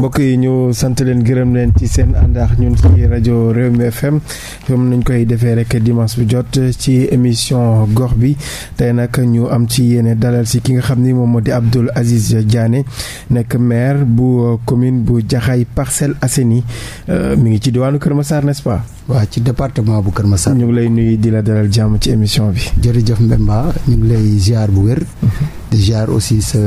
mbokk yi ñu sant leen gërëm leen ci seen àndaax ñun ci rajo Rewmi FM ñoom nañ koy defee rek dimanche bu jot ci émission gox bi tey nag ñu am ci yéene dalal si ki nga xam ni moom moo di Abdoul Aziz Diané nekk maire bu commune bu Jaxaay Parcelles Assainies euh, mu ngi ci diwaanu Kër Massar n'est-ce pas. ci département bu Kër Massar. ñu ngi lay nuyu di la dalal jàmm ci émission bi. jërëjëf Mbemba ñu ngi lay ziar bu wér. Mm-hmm. di ziar aussi sa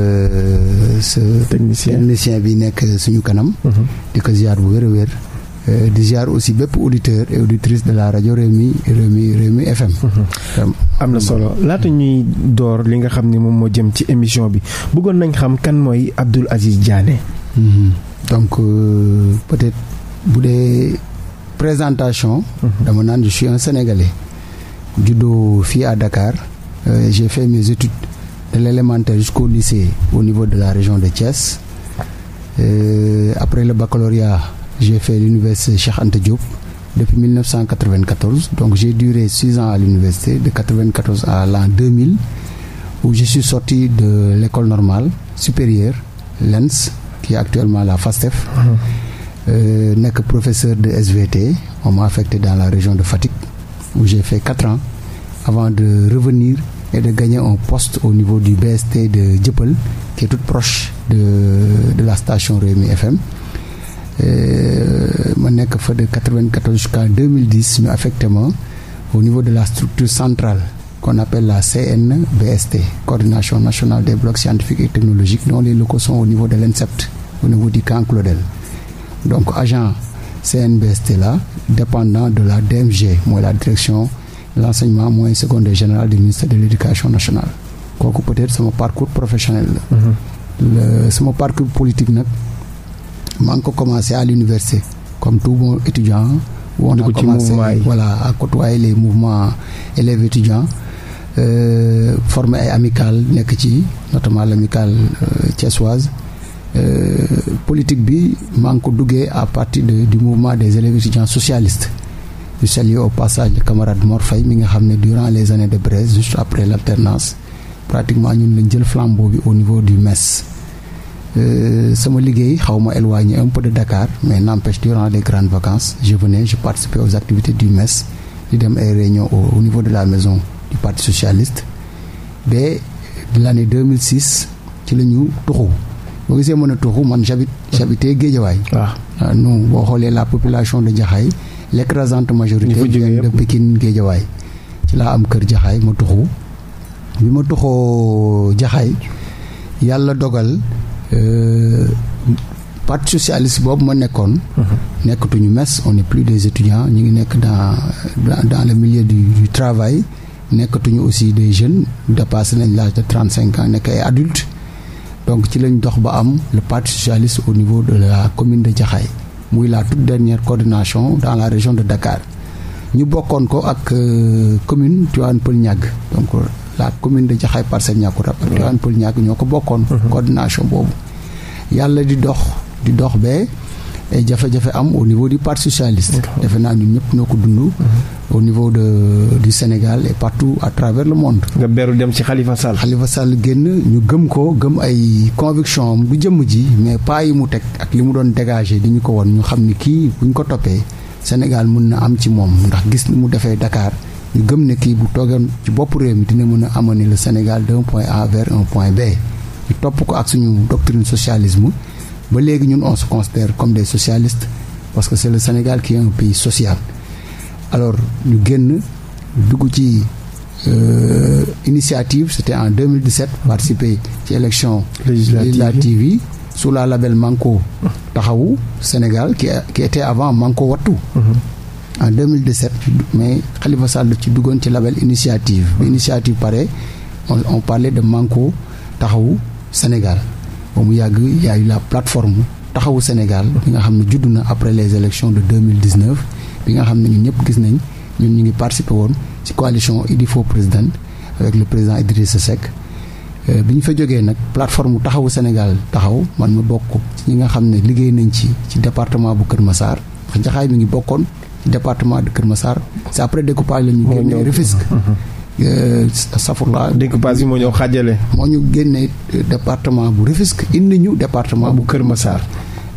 sa technicien bi nekk suñu kanam mhm. di ko jaar bu wér a wér euh, di ziar aussi bépp auditeur et auditrice de la rajo Rewmi Rewmi Rewmi FM mhm. am na solo laata ñuy door li nga xam ni moom moo jëm ci émission bi bëggoon nañ xam kan mooy Abdoul Aziz Diané mhm. donc euh, peut-être bu dee présentation dama naan je suis un fii à Dakar euh, j'ai fait mes de l'élémentaire jusqu'au lycée au niveau de la région de Thiès. Euh, après le baccalauréat, j'ai fait l'université Cheikh Anta Diop depuis 1994. Donc j'ai duré 6 ans à l'université, de 1994 à l'an 2000, où je suis sorti de l'école normale supérieure, l'ENS, qui est actuellement la FASTEF. Mmh. nekk professeur de SVT, on m'a affecté dans la région de Fatick, où j'ai fait 4 ans avant de revenir et de gagner un poste au niveau du BST de Dieuppeul qui est toute proche de de la station Rewmi FM euh, ma nekk fa de 94 jusqu'à 2010 ñu affecté ma au niveau de la structure centrale qu'on appelle la CNBST coordination nationale des blocs scientifiques et technologiques dont les locaux sont au niveau de l'INSEPT au niveau du camp Claudel donc agent CNBST la dépendant de la DMG mooy la direction l' enseignement mooy secondaire général du ministère de l' éducation nationale kooku peut-être sama parcours professionnel la mhm. sama parcours politique nag maa ngi ko commencé à l'université comme tout bon étudiant on a commencé voilà à côtoyer les mouvements élèves étudiants Euh, ay amical nekk ci notamment l'amicale euh, thiessoise euh, politique bi maa ngi ko duggee à partir de, du mouvement des élèves étudiants socialiste Je salue au passage camarade Mor Faye mi nga xam ne durant les années de Braise juste après l'alternance pratiquement ñun lañ jël flambeau bi au niveau du MES. Euh, sama liggéey xaw ma éloigné un peu Dakar mais n'empêche durant les grandes vacances je venais je participais aux activités du MES di dem ay réunions au, niveau de la maison du parti socialiste ba l'année 2006 ci la ñu tuxu boo gisee mën a tuxu man j'habite j'habitais Guédiawaye waaw ah. ah, boo xoolee la population de Jaxaay l'écrasante majorité vient de Pikine Géejawaay ci laa am kër jaxaay ma tuxu bi ma tuxoo jaxaay yàlla dogal euh, parti socialiste boobu ma nekkoon mhm. nekkatuñu mes on n'est plus des étudiants ñu ngi nekk dans dans le milieu du, du travail nekkatuñu aussi des jeunes dépassé nañ l'âge de trente cinq ans nekk ay adultes donc ci lañ dox ba am le parti socialiste au niveau de la commune de Jaxaay muy la toute dernière coordination dans la région de Dakar ñu bokkoon ko ak euh, commune Tivaouane Peulh Niague donc euh, la commune de Jaxaay Parcelles Niakoulrab ak Tivaouane Peulh Niague ñoo ko bokkoon mhm. coordination boobu yàlla di dox di dox bee ay jafe-jafe am au niveau du parti socialiste. defe naa ñun ñëpp noo ko dund. Mhm. au niveau de du Sénégal et partout à travers le monde. nga beru dem ci xalifa Sall. Khalifa Sall génn ñu gëm ko gëm ay conviction am du jëmm ji mais pas mu teg ak li mu doon dégagé di ñu ko woon ñu xam ni kii bu ñu ko toppee Sénégal mun na am ci moom ndax gis ni mu defee Dakar. ñu gëm ne kii bu toogoon ci bopp réew mi dina mën a amoon le Sénégal d'un point A vers un point B ñu topp ko ak suñu doctrine socialisme ba léegi ñun on se considère comme des socialistes parce que c'est le Sénégal qui est pays social alors ñu génn dugg ci euh, initiative c'était en 2017 participer ci élection législative yi su la label Manko Taxawu Sénégal qui qui était avant Manko Wattu mm-hmm. en 2017 mais Khalifa Sall ci duggoon ci label initiative bi mm-hmm. initiative pare on, on parlait de Manko Taxawu Sénégal ba mu yàgg y a eu la taxawu Sénégal bi nga xam ne judd na après les élections de 2019 bi nga xam ne ñun ñëpp gis nañ ñun ñu ngi participer woon ci coalition Idifo président avec le président Idrissa Seck euh, bi ñu fa jógee nag plateforme taxawu Sénégal taxaw man ma bokk ci ñi nga xam ne liggéey nañ ci ci département bu Kër Massar ndax Jaxaay mi ngi bokkoon ci département de Kër Massar c'est après découpage la ñu génnee Rufisque Euh, safurla dénk paas yi moo ñëw xaajale moo ñu génnee euh, département bu Rufisque indi ñu département bu Kër Massar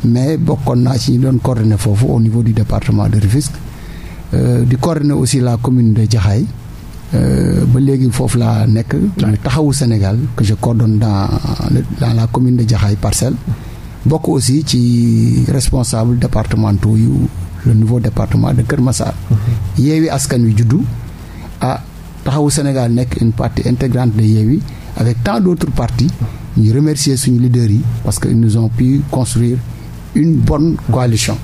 mais bokkoon naa ci ñu doon coordonné foofu au niveau di département de Rufisque euh, di coordonné aussi la commune de Jaxaay ba léegi foofu laa nekk ñu taxawu Sénégal que je coordonne dans dans la commune de Jaxaay parcelle bokk aussi ci responsable départementaux yu le nouveau département de Kër Massar mhm. yeewi askan wi juddu ah taxawu Sénégal nekk une partie intégrante de Yewwi avec tant d' autres partis ñu remercier suñu leaders yi parce que ils nous ont pu construire une bonne coalition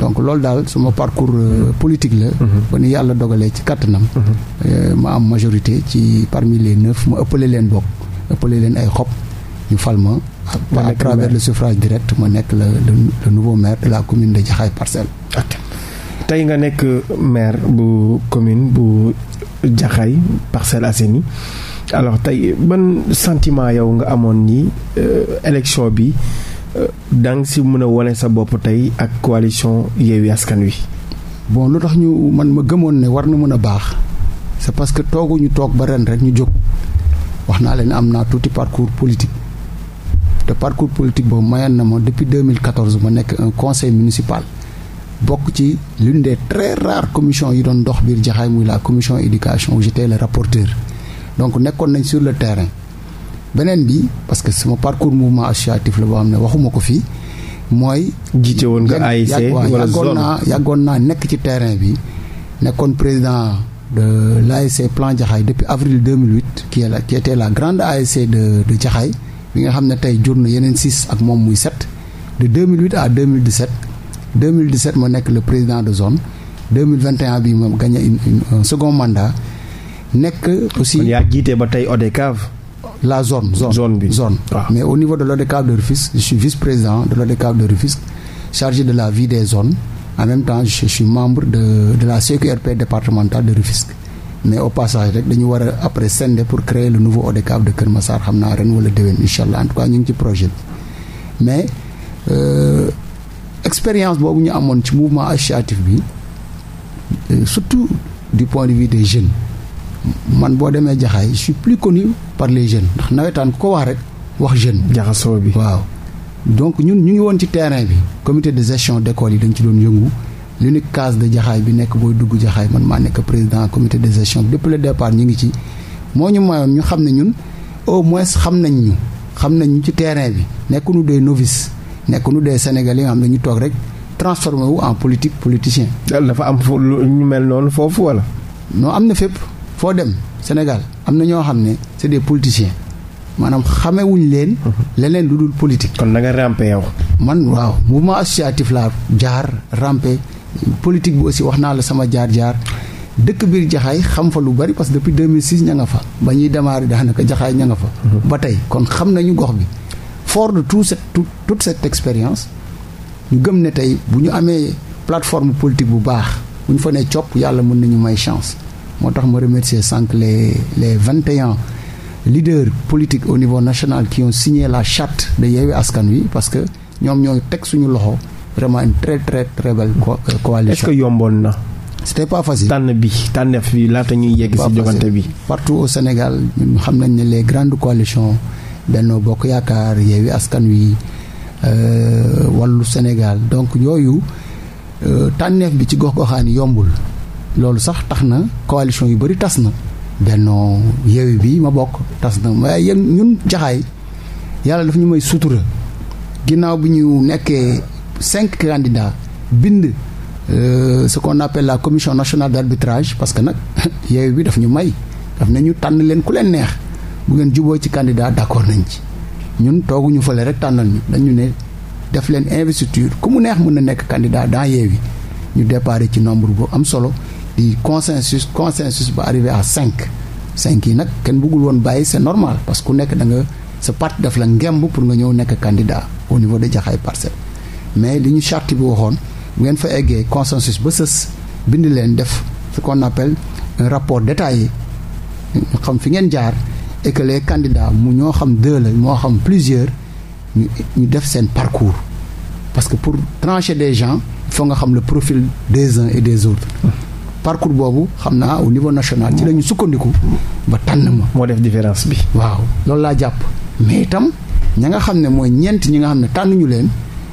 donc loolu daal suma parcours euh, mm-hmm. politique la mm-hmm. ba ni yàlla dogalee ci kattanam mm-hmm. euh, ma am majorité ci parmi les neuf ma ëppale leen bokk ëppale leen ay xob ñu fal ma à travers le suffrage direct ma nekk la le nouveau maire de la commune de Jaxaay Parcelles okay. tey nga nekk maire bu commune bu Jaxaay Parcelles Assainies alors tey ban sentiment yow nga amoon ni euh, élection bi euh, daa ngi si mën a wane sa bopp tey ak coalition Yewwi Askan Wi. bon lu tax ñu man ma gëmoon ne war na mën a baax c'est parce que tooguñu toog ba ren rek ñu jóg wax naa leen am naa tuuti parcours politique. te parcours politique boobu mayoon na ma depuis 2014 ma nekk un conseil municipal. bokk ci l'une des très rares commissions yi doon ndox biir jaxaay muy la commission éducation où j'étais le rapporteur donc nekkoon nañ sur le terrain beneen bi parce que sama parcours mouvement associatif la boo xam ne waxuma ko fii mooy. jiite woon nga AIC wala zone naa yàggoon naa nekk ci terrain bi nekkoon président de l'AIC plan Jaxaay depuis avril 2008. qui est la qui était la grande AIC de de Jaxaay bi nga xam ne tey jur na yeneen six ak moom muy sept de 2008 à 2017. 2017 ma nekk le président de zone 2021 bi ma gagné une, une un second mandat nekk aussi. kon yaa jiite ba tey ODCAV. la zone zone zone bi zone. Ah. mais au niveau de l'ODCAV de Rufisque je suis vice-président de l'ODCAV de Rufisque chargé de la vie des zone en même temps je, suis membre de de la CQRP départementale de Rufisque mais au passage rek dañu war a après sende pour créer le nouveau ODCAV de Kër Massar xam naa ren wala déwén incha allah en tout cas ñu ngi ci projet bi mais. Euh, expérience boobu ñu amoon ci mouvement associatif bi euh, surtout du point de vue des jeunes man boo demee jaxaay je suis plus connu par les jeunes ndax nawetaan ku ko wax rek wax jeune. jaxasoo bi waaw. donc ñun ñu ngi woon ci terrain bi comité de gestion d' école yi dañ ci doon yëngu l'unique case de jaxaay bi nekk booy dugg jaxaay man maa nekk président comité de gestion bi depuis le départ ñu ngi ci moo ñu mayoon ñu xam ne ñun au moins xam nañ ñu xam nañ ci terrain bi nekkuñu des novices. nekk nekkuñu des yi nga xam ne ñu toog rek transformé wu en politique politicien. dafa am fu ñu mel noonu foofu walla non am na fépp foo dem Sénégal am na ñoo xam ne c'est des politiciens maanaam xamewuñ leen. Mhm. leneen lu dul politique. kon na nga rampe yow. man waaw mouvement associatif laa jaar rampe politique bi aussi wax naa la sama jaar jaar. dëkk biir jaxaay xam fa lu bari parce que depuis 2006 ña nga fa ba ñuy démarrer daanaka jaxaay ña nga fa. Mhm. ba tey kon xam nañu gox bi. fort de tout cette tout, toute cette expérience ñu gëm ne tey bu ñu amee plateforme politique bu baax bu ñu fa ne copp yàlla mën nañu may chance moo tax ma remercier sànq les les vingt et un leaders politiques au niveau national qui ont signé la charte de Yewwi Askan Wi parce que ñoom ñoo teg suñu loxo vraiment une très très très belle euh, coalition. est que yomboon na. c'était pas facile tànn bi tànneef bi laata ñuy yegg. si jogante bi partout au Sénégal ñun xam nañ ne les grandes coalitions. Benno Bokk Yaakaar Yewwi Askan Wi euh, Wallu Sénégal donc yooyu euh, tànneef bi ci gox-goxaan yombul loolu sax tax na coalition yu bëri tas na Benno Yewwi bi ma bokk tas na waaye ñun jaxaay yàlla dafa ñu may sutura ginnaaw bi ñu nekkee cinq candidats bind Euh, ce qu'on appelle la commission nationale d'arbitrage parce que nag Yewwi bi daf ñu may daf ñu tànn leen ku leen neex bu ngeen juboo ci candidat d'accord nañ ci ñun tooguñu fële rek tànnal ñu dañu ne def leen investiture ku mu neex mën na nekk candidat dans Yewwi ñu déparé ci nombre bu am solo di consensus consensus ba arrivé à cinq cinq yi nag kenn bëggul woon bàyyi c'est normal parce que ku nekk danga nga sa parti daf la ngemb pour nga ñëw nekk candidat au niveau de Jaxaay Parcelles mais li ñu charte bi waxoon bu ngeen fa eggee consensus ba sës bind leen def ce qu'on rapport détaillé ñu xam fi ngeen jaar et que mu ñoo xam deux la moo xam plusieurs ñu ñu def seen parcours parce que pour trancher des gens il nga xam le profil des uns et des autres parcours boobu xam naa au niveau national ci la sukkandiku ba tànn ma. moo def différence bi. waaw loolu laa jàpp mais itam ña nga xam ne mooy ñeent ñi nga xam ne tànn ñu leen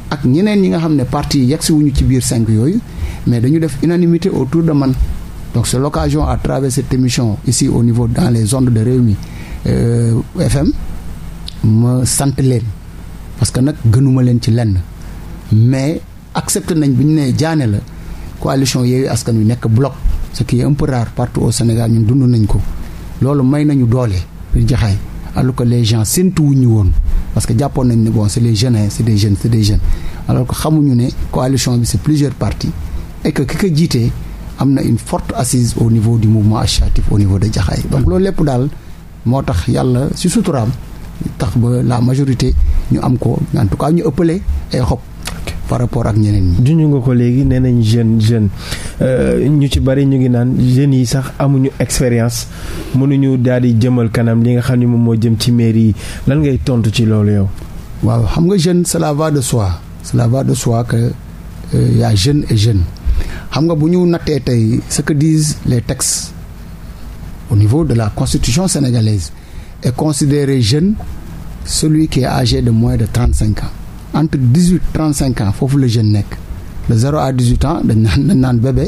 ak ñeneen ñi nga xam ne parti yi yegsi wuñu ci biir cinq yooyu mais dañu def unanimité autour de man donc c'est l'occasion à travers cette émission ici au niveau dans les zones de Rewmi Euh, FM ma sant leen parce que nag gënuma leen ci lenn mais accepté nañ bi ñu nee jaane la coalition Yewwi Askan Wi nekk bloc ce qui est un peu au Sénégal ñun dund nañ ko loolu may nañu doole di jaxaay alors que les gens séntuwuñu woon parce que jàppoon nañ ne bon c'est les jeunes c'est des jeunes c'est des jeunes alors que xamuñu ne coalition bi c'est plusieurs partis et que ki ko jiitee am na une forte assise au niveau du mouvement associatif au niveau de Jaxaay donc loolu lépp daal moo tax yàlla si suturaam tax ba la majorité ñu am ko en tout cas ñu ëppale ay xob par rapport ak ñeneen ñi. juñu nga ko léegi nee nañ jeune jeune euh, ñu ci bari ñu ngi naan jeunes yi sax amuñu expérience mënuñu daal di jëmal kanam li nga xam ne moom moo jëm ci mairie yi lan ngay tontu ci loolu waaw xam nga jeune cela va de soi cela va de soi que euh, y a jeune et jeune xam nga bu ñu nattee tey ce que disent les textes au niveau de la constitution sénégalaise, est considéré jeune celui qui est âgé de moins de 35 ans. Entre 18 et 35 foofu la jeune nekk de 0 à 18 ans dañ naan dañ naan bébé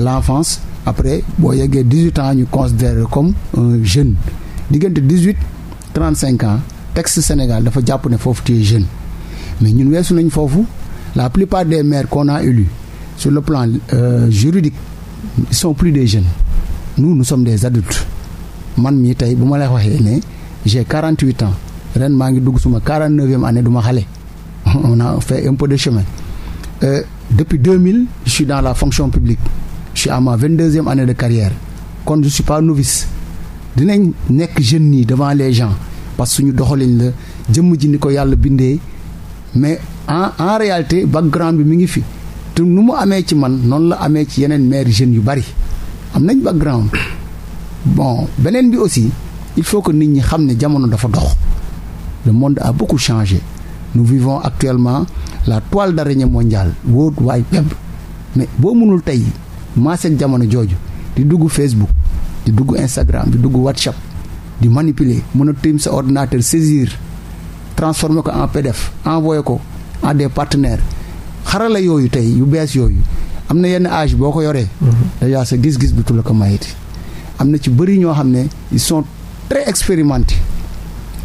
l'enfance après boo yeggee 18 ans ñu considéré comme un jeune diggante 18 35 ans texte Sénégal dafa jàpp ne foofu tu es mais ñun weesu nañ foofu la plupart des maires qu'on a élus sur le plan euh, juridique ils sont plus des jeunes nu nous sommes des adultes man mii tey bu ma la waxee ne j'ai quarante huit ans ren maa ngi dugg suma quarante neuvième année du ma xale on a fait un de chemin euh, depuis deux mille suis dans la fonction publique je suis à ma vingt deuxième année de carrière kon je suis pas dinañ nekk jeune nii devant les gens parce que suñu doxalin la jëmm ji ni ko yàlla bindee mais en en réalité background bi mi ngi fi te nu mu amee ci man noonu la amee ci yeneen maire jeunes yu bari am nañ background bon beneen bi aussi il faut que nit ñi xam ne jamono dafa dox le monde a beaucoup changé nous vivons actuellement la toile d'araignée mondiale World Wide Web mais boo mënul tey maaseeg jamono jooju di dugg Facebook di dugg Instagram di dugg WhatsApp di manipuler mën a tiim sa ordinateur saisir transformer ko en PDF envoyer ko à des partenaires xarala yooyu tey yu bees yooyu am na yenn âge boo ko yoree. Mhm. déjà sa gis-gis bi tu ko mayiti am na ci bëri ñoo xam ne ils sont très expérimentés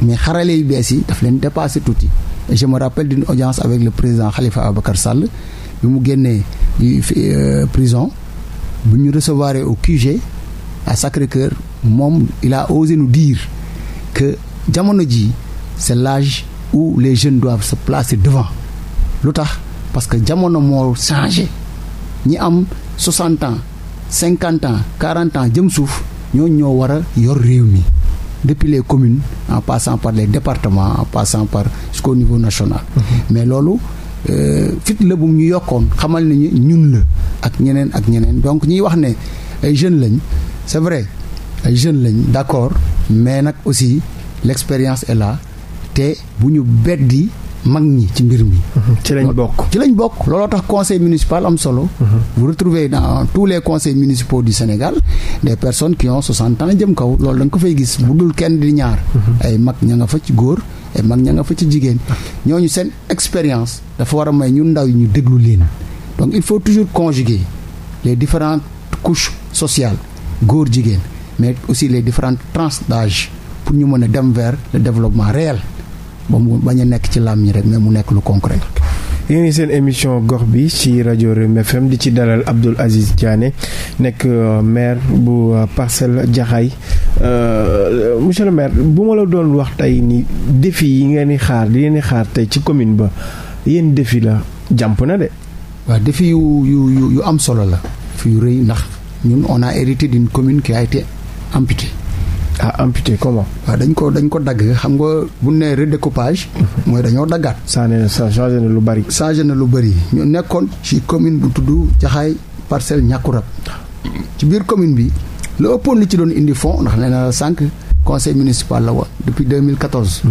mais xarale yu bees yi daf leen dépassé tuuti et je me rappelle d'une avec le président Khalifa Abacar Sall bi mu génnee euh, prison bu ñu recevoir au QG à Sacré-Cœur moom il a osé nous jamono ji c'est l'âge où les jeunes doivent se placer devant lu tax parce que jamono moo changé ñi am 60 ans 50 ans 40 jëm suuf ñooñu ñoo war a yor réew mi depuis les communes en passant par les départements en passant par jusqu'au niveau national. Mhm. mais loolu euh, fit la bu ñu yokkoon xamal nañu ñun la ak ñeneen ak ñeneen donc ñuy wax ne ay jeunes lañ c'est vrai ay jeunes lañ d'accord mais nag aussi l'expérience et la te bu ñu beddi. mag ñi ci mbir mi. ci lañ bokk ci lañ bokk looloo tax conseil municipal am solo. Mhm. vous retrouvez dans tous les conseils municipaux du Sénégal des personnes qui ont soixante ans jëm kaw loolu da ko fay gis bu dul kenn di ñaar. Mhm. ay mag ña nga fa ci góor ay mag ña nga fa ci jigéen. ñu seen expérience dafa war a may ñun ndaw yi ñu déglu liin donc il faut toujours conjuguer les différents couches sociales góor jigéen mais aussi les différentes tranches d'âge pour ñu mën a dem vers développement réel. ba mu bañ a nekk ci làmmiñ rek mais mu nekk lu concret. yéen seen émission gox bi ci rajo Rewmi FM di ci dalal Abdoul Aziz Diané nekk euh, maire bu euh, Parcelles Jaxaay euh, monsieur le maire bu ma la doon wax tey nii defi yi ngeen di xaar di ngeen di xaar tey ci commune ba yéen défi la jàmp na de. waaw défi yu yu yu am solo la. fi yu rëy ndax ñun on a hérité d'une commune qui a été amputée. ah amputé comment. waaw dañ ko dañ ko dagg xam nga bu nee redécoupage. mooy dañoo daggaat. changé na lu bari. changé na lu bari ñu nekkoon ci commune bu tudd Jaxaay parcelle ñàkkurab ci biir commune bi la ëppoon li ci doon indi fond ndax nee na la conseil municipal la woon depuis 2014.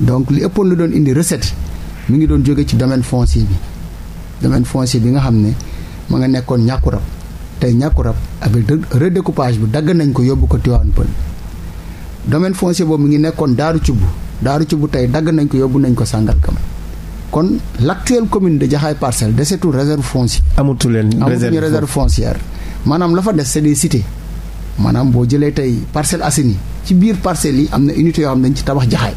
donc li ëppoon li doon indi recette mu ngi doon jóge ci domaine foncier bi domaine foncier bi nga xam ne ma nga nekkoon ñàkkurab tey ñàkku rab avec redécoupage bi dagg nañ ko yóbbu ko Tivaouane Peulh domaine foncier boobu mi ngi nekkoon daaru cubbu daaru cubbu tey dagg nañ ko yóbbu nañ ko Sangalkam kon l' actuelle commune de Jaxaay Parcelles desetul réserve foncière. amatu leen amatuñu réserve foncière. maanaam la fa des c' est des maanaam boo jëlee tey Parcelles Assainies ci biir parcelles yi am na unité yoo xam ne dañ ci tabax jaxaay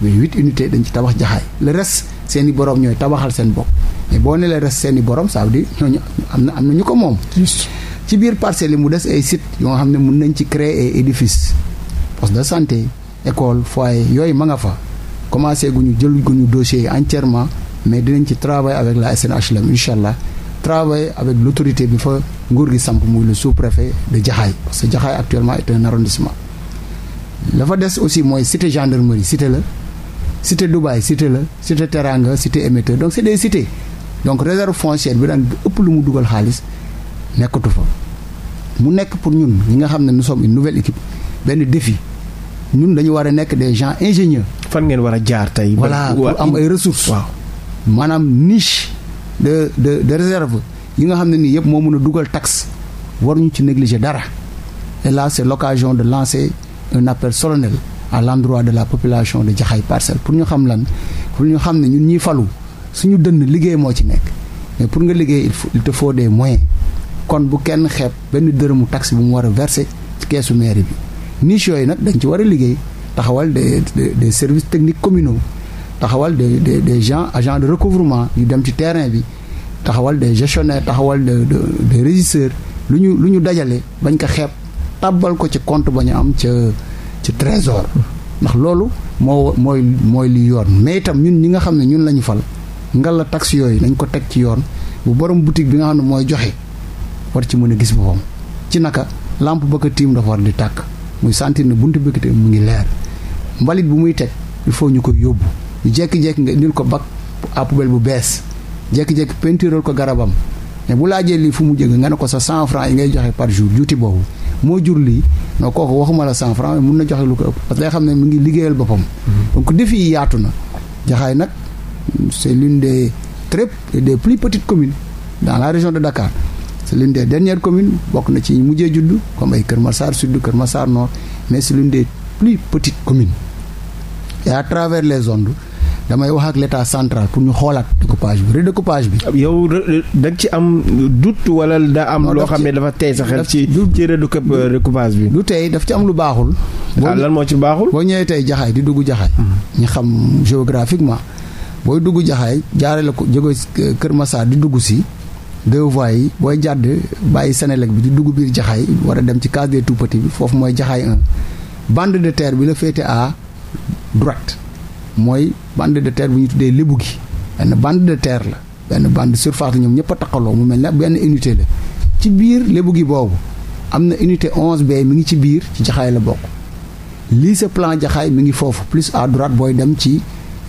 mais huit unité dañu ci tabax jaxaay le reste seen i borom ñooy tabaxal seen bopp mais boo ne la res seen i borom ça veut dire ñooñu am na am na ñu ko moom. ci biir parcelles yi mu des ay sites yoo xam ne mun nañ ci créer ay édifices poste de santé école foyer yooyu ma nga fa commencé gu ñu jël gu ñu yi entièrement mais dinañ ci travail avec la SNHLM incha allah travail avec l' autorité bi fa nguur gi samp muy le sous-préfet de Jaxaay parce Jaxaay actuellement est un arrondissement. la fa des aussi mooy cité gendarmerie cité la. cité Dubaï cité la cité Teranga cité émetteur donc c'est des cités donc réserve foncière bi daan ëpp lu mu dugal xaalis nekkatu fa mu nekk pour ñun ñi nga xam ne nous sommes une nouvelle équipe benn défi ñun dañu war a nekk des gens ingénieurs. fan ngeen war a jaar tey. voilà pour am ay ressources. waaw maanaam niche de de de réserve yi nga xam ne nii yëpp moo mën a dugal taxe waruñu ci négliger dara et là c'est l'occasion de lancer un appel solennel à l'endroit de la population de Jaxaay parcelle pour ñu xam lan pour ñu xam ne ñun ñuy falu suñu dënn liggéey moo ci nekk mais pour nga liggéey il te faut des moyens kon bu kenn xeep benn dërëmu taxe bu mu war a verser ci keesu mairie bi niche yooyu nag dañ ci war a liggéey taxawal de des services techniques communaux taxawal de des des gens agent de recouvrement yu dem ci terrain bi taxawal des gestionnaires taxawal de des régisseurs lu ñu lu ñu dajale bañ ko xeep tàbbal ko ci compte ba ñu am ca. ci trésor ndax loolu moo mooy mooy li yoon mais itam ñun ñi nga xam ne ñun la ñu fal ngal la taxe yooyu nañ ko teg ci yoon bu borom boutique bi nga xam ne mooy joxe war ci mën a gis boppam ci naka lampe ba ko tiim dafa war di tàkk muy sentir ne buntu bëkkate mu ngi leer mbalit bu muy teg il faut ñu koy yóbbu ñu jékki-jékki nga indil ko bac à poubelle bu bees jékki-jékki peintural ko garabam ne bu laajee lii fu mu jëg nga ne ko sa cent francs yi ngay joxe par jour juuti boobu mais kooku waxuma la cent franc mun na joxe lu ko ëpp parce que day xam ne mu ngi liggéeyal boppam. donc défi yi yaatu na. jaxaay nag c'est l'une des très des plus petites commune dans la région de Dakar c'est l'une des dernières communes bokk na ci mujjee juddu comme ay Kër ma Massar Sud Kër saar noor mais c'est l'une des plus petites communes et à travers les ondes. damay wax ak l'état central pour ñu xoolaat découpage bi redécoupage bi. yow da nga ci am doute wala daa am. loo xam ne dafa tey sa xel ci ci redécoupage euh, bi. lu tey daf ci am lu baaxul. Ah, lan moo ci baaxul. boo ñëwee tey jaxaay di dugg jaxaay. Hmm. ñu xam géographiquement. booy dugg jaxaay jaaree la ko jóge Kër Massar di dugg si. deux voies yi booy jàdd bàyyi Sénélec bi di dugg biir jaxaay war a dem ci case des tout bi foofu mooy jaxaay band bande de terre bi la féete à mooy bande de terre bu ñu tuddee lébu gi benn bande de terre la benn bande surface la ñoom ñëpp a taqaloo mu mel ne benn unité la ci biir lébu gi boobu am na unité onze b mi ngi ci biir ci jaxaay la bokk lycée plan jaxaay mi ngi foofu plus à droite booy dem ci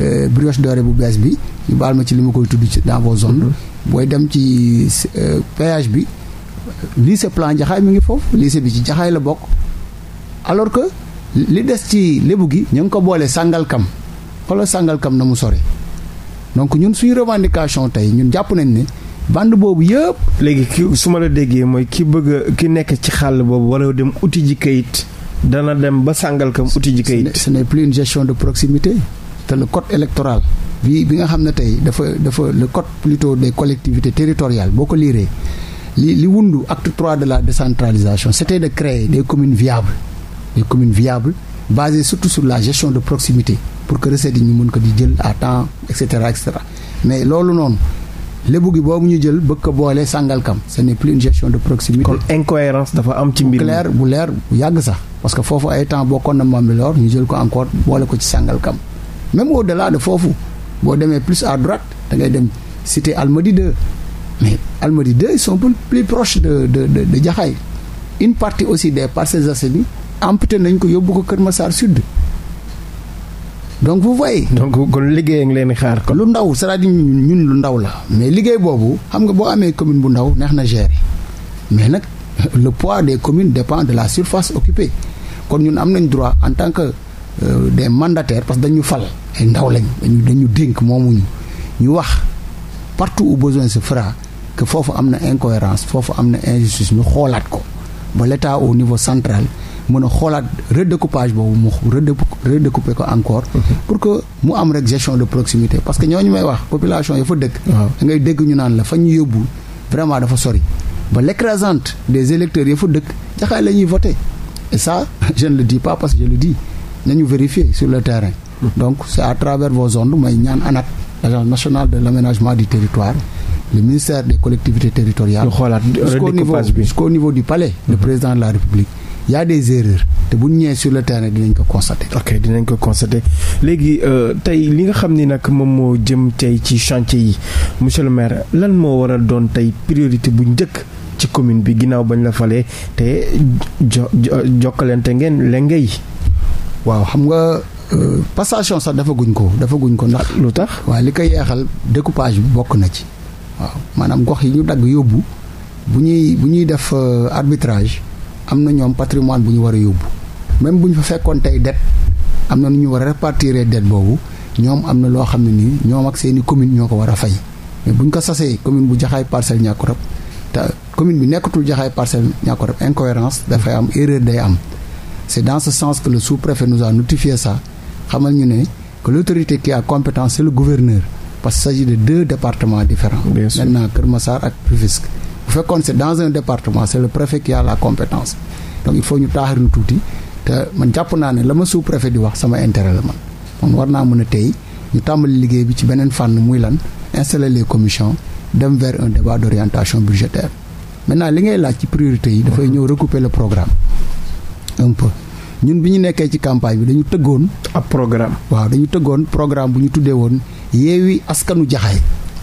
euh, brioche dorée bu bees bi ñu baal ma ci li ma koy tudd ci dans vos zones booy dem ci euh, péage bi lycée plan jaxaay mi ngi foofu lycée bi ci jaxaay la bokk alors que li des ci lébu gi ñu ngi ko boole sàngalkam xoolal Sangalkam na mu sore donc ñun suñu revendication tey ñun jàpp nañ ne bande boobu yëpp. léegi ki su ma la déggee mooy ki bëgg ki nekk ci xàll boobu wala dem uti ji kayit dana dem ba Sangalkam uti ji kayit. ce n'est plus une gestion de proximité te le code électoral. bi nga xam ne tey dafa dafa le code plutôt des collectivités territoriales boo ko liiree li li wundu acte trois de la décentralisation c'était de créer des communes viables des communes viables basées surtout la gestion de proximité pour que recettes ñu mën ko di jël à temps et cetera mais loolu noonu lébu gi boobu ñu jël bëgg ko boole Sangalkam ce n'est plus une gestion de proximité. kon incohérence dafa am ci mbir bu leer bu leer bu yàgg sax parce que foofu ay temps bokkoon na Bambilor ñu jël ko encore boole ko ci Sangalkam kam au delà de de foofu boo demee plus à droite da ngay dem cité Almadies 2 mais Almadies 2 ils sont plus proches de de de Jaxaay une partie aussi des Parcelles Assainies amputé nañ ko yóbbu ko Kër Massar Sud. donc vous voyez. donc kon liggéey nga leen xaar. lu ndaw c'est-à-dire ñun lu ndaw la. mais liggéey boobu xam nga boo amee commune bu ndaw neex na gérer mais nag le poids des communes dépend de la surface occupée kon ñun am nañ droit en tant que euh, des mandataires parce que dañu fal ay ndaw lañ dañu dénk moomuñu ñu wax partout où besoin se fera que foofu am na incohérence foofu am na injustice ñu xoolaat ko ba l'État au niveau central. mën a xoolaat redécoupage boobu mu xu redécouper ko encore. pour que mu am rek gestion de proximité parce que ñooñu may wax population ya fa dëkk. da ngay dégg ñu naan la fa ñu yóbbu vraiment dafa sori. ba l'écrasante des électeurs ya fa dëkk jaxaay la ñuy voter et ça je ne le dis pas parce que je le dis nañu vérifier sur le terrain. Hmm. donc c'est à travers vos ondes may ñaan ANAT l'agence nationale de l'aménagement du territoire. le ministère d collectivités territoriales. Hmm. la République. yaa a des erreurs te bu ñu ñëwee sur le terrain dinañ ko constater. ok dinañ ko constater léegi euh, tey li nga xam ni nag moom moo jëm tey ci chantier yi monsieur le maire lan moo war a doon tey priorité bu njëkk. ci commune bi ginnaaw bañ la falee te jo jokkalante ngeen lenge waaw xam nga euh, passation sax dafa guñ ko dafa guñ ko ndax lu tax waaw li koy yeexal découpage bu bokk na ci waaw maanaam gox yi ñu dagg yóbbu bu ñuy bu ñuy def euh, arbitrage am na ñoom patrimoine bu ñu war a yóbbu même bu ñu fa fekkoon tey dette am na nu ñu war a répartir dette boobu ñoom am na loo xam ne nii ñoom ak seeni i commune ñoo ko war a fay mais buñ ko sasee commune bu jaxaay parcelle ñàkk rab te commune bi nekkatul jaxaay parcelle ñàkk rab dafay am erreur day am c'est dans ce sens que le sous-préfet nous a notifié ça xamal ñu ne que l'autorité qui a compétence c'est le gouverneur parce qu'il s'agit de deux départements différents maintenant Kër Massar ak Rufisque bu fekkoon c'est dans un département c'est le préfet qui a la compétence donc il faut ñu taaxir tuuti te man jàpp naa ne la ma sous préfet di wax sama intérêt la man kon war naa mën a tey ñu tàmbali liggéey bi ci beneen fànn muy lan installer les commissions dem vers un débat d'orientation budgétaire maintenant li ngay laaj ci priorité yi dafay ñëw recouper le programme un ñun bi ñu nekkee ci campagne bi dañu tëggoon ab programme waaw dañu tëggoon programme bu ñu tuddee woon yeewi askanu jaxaay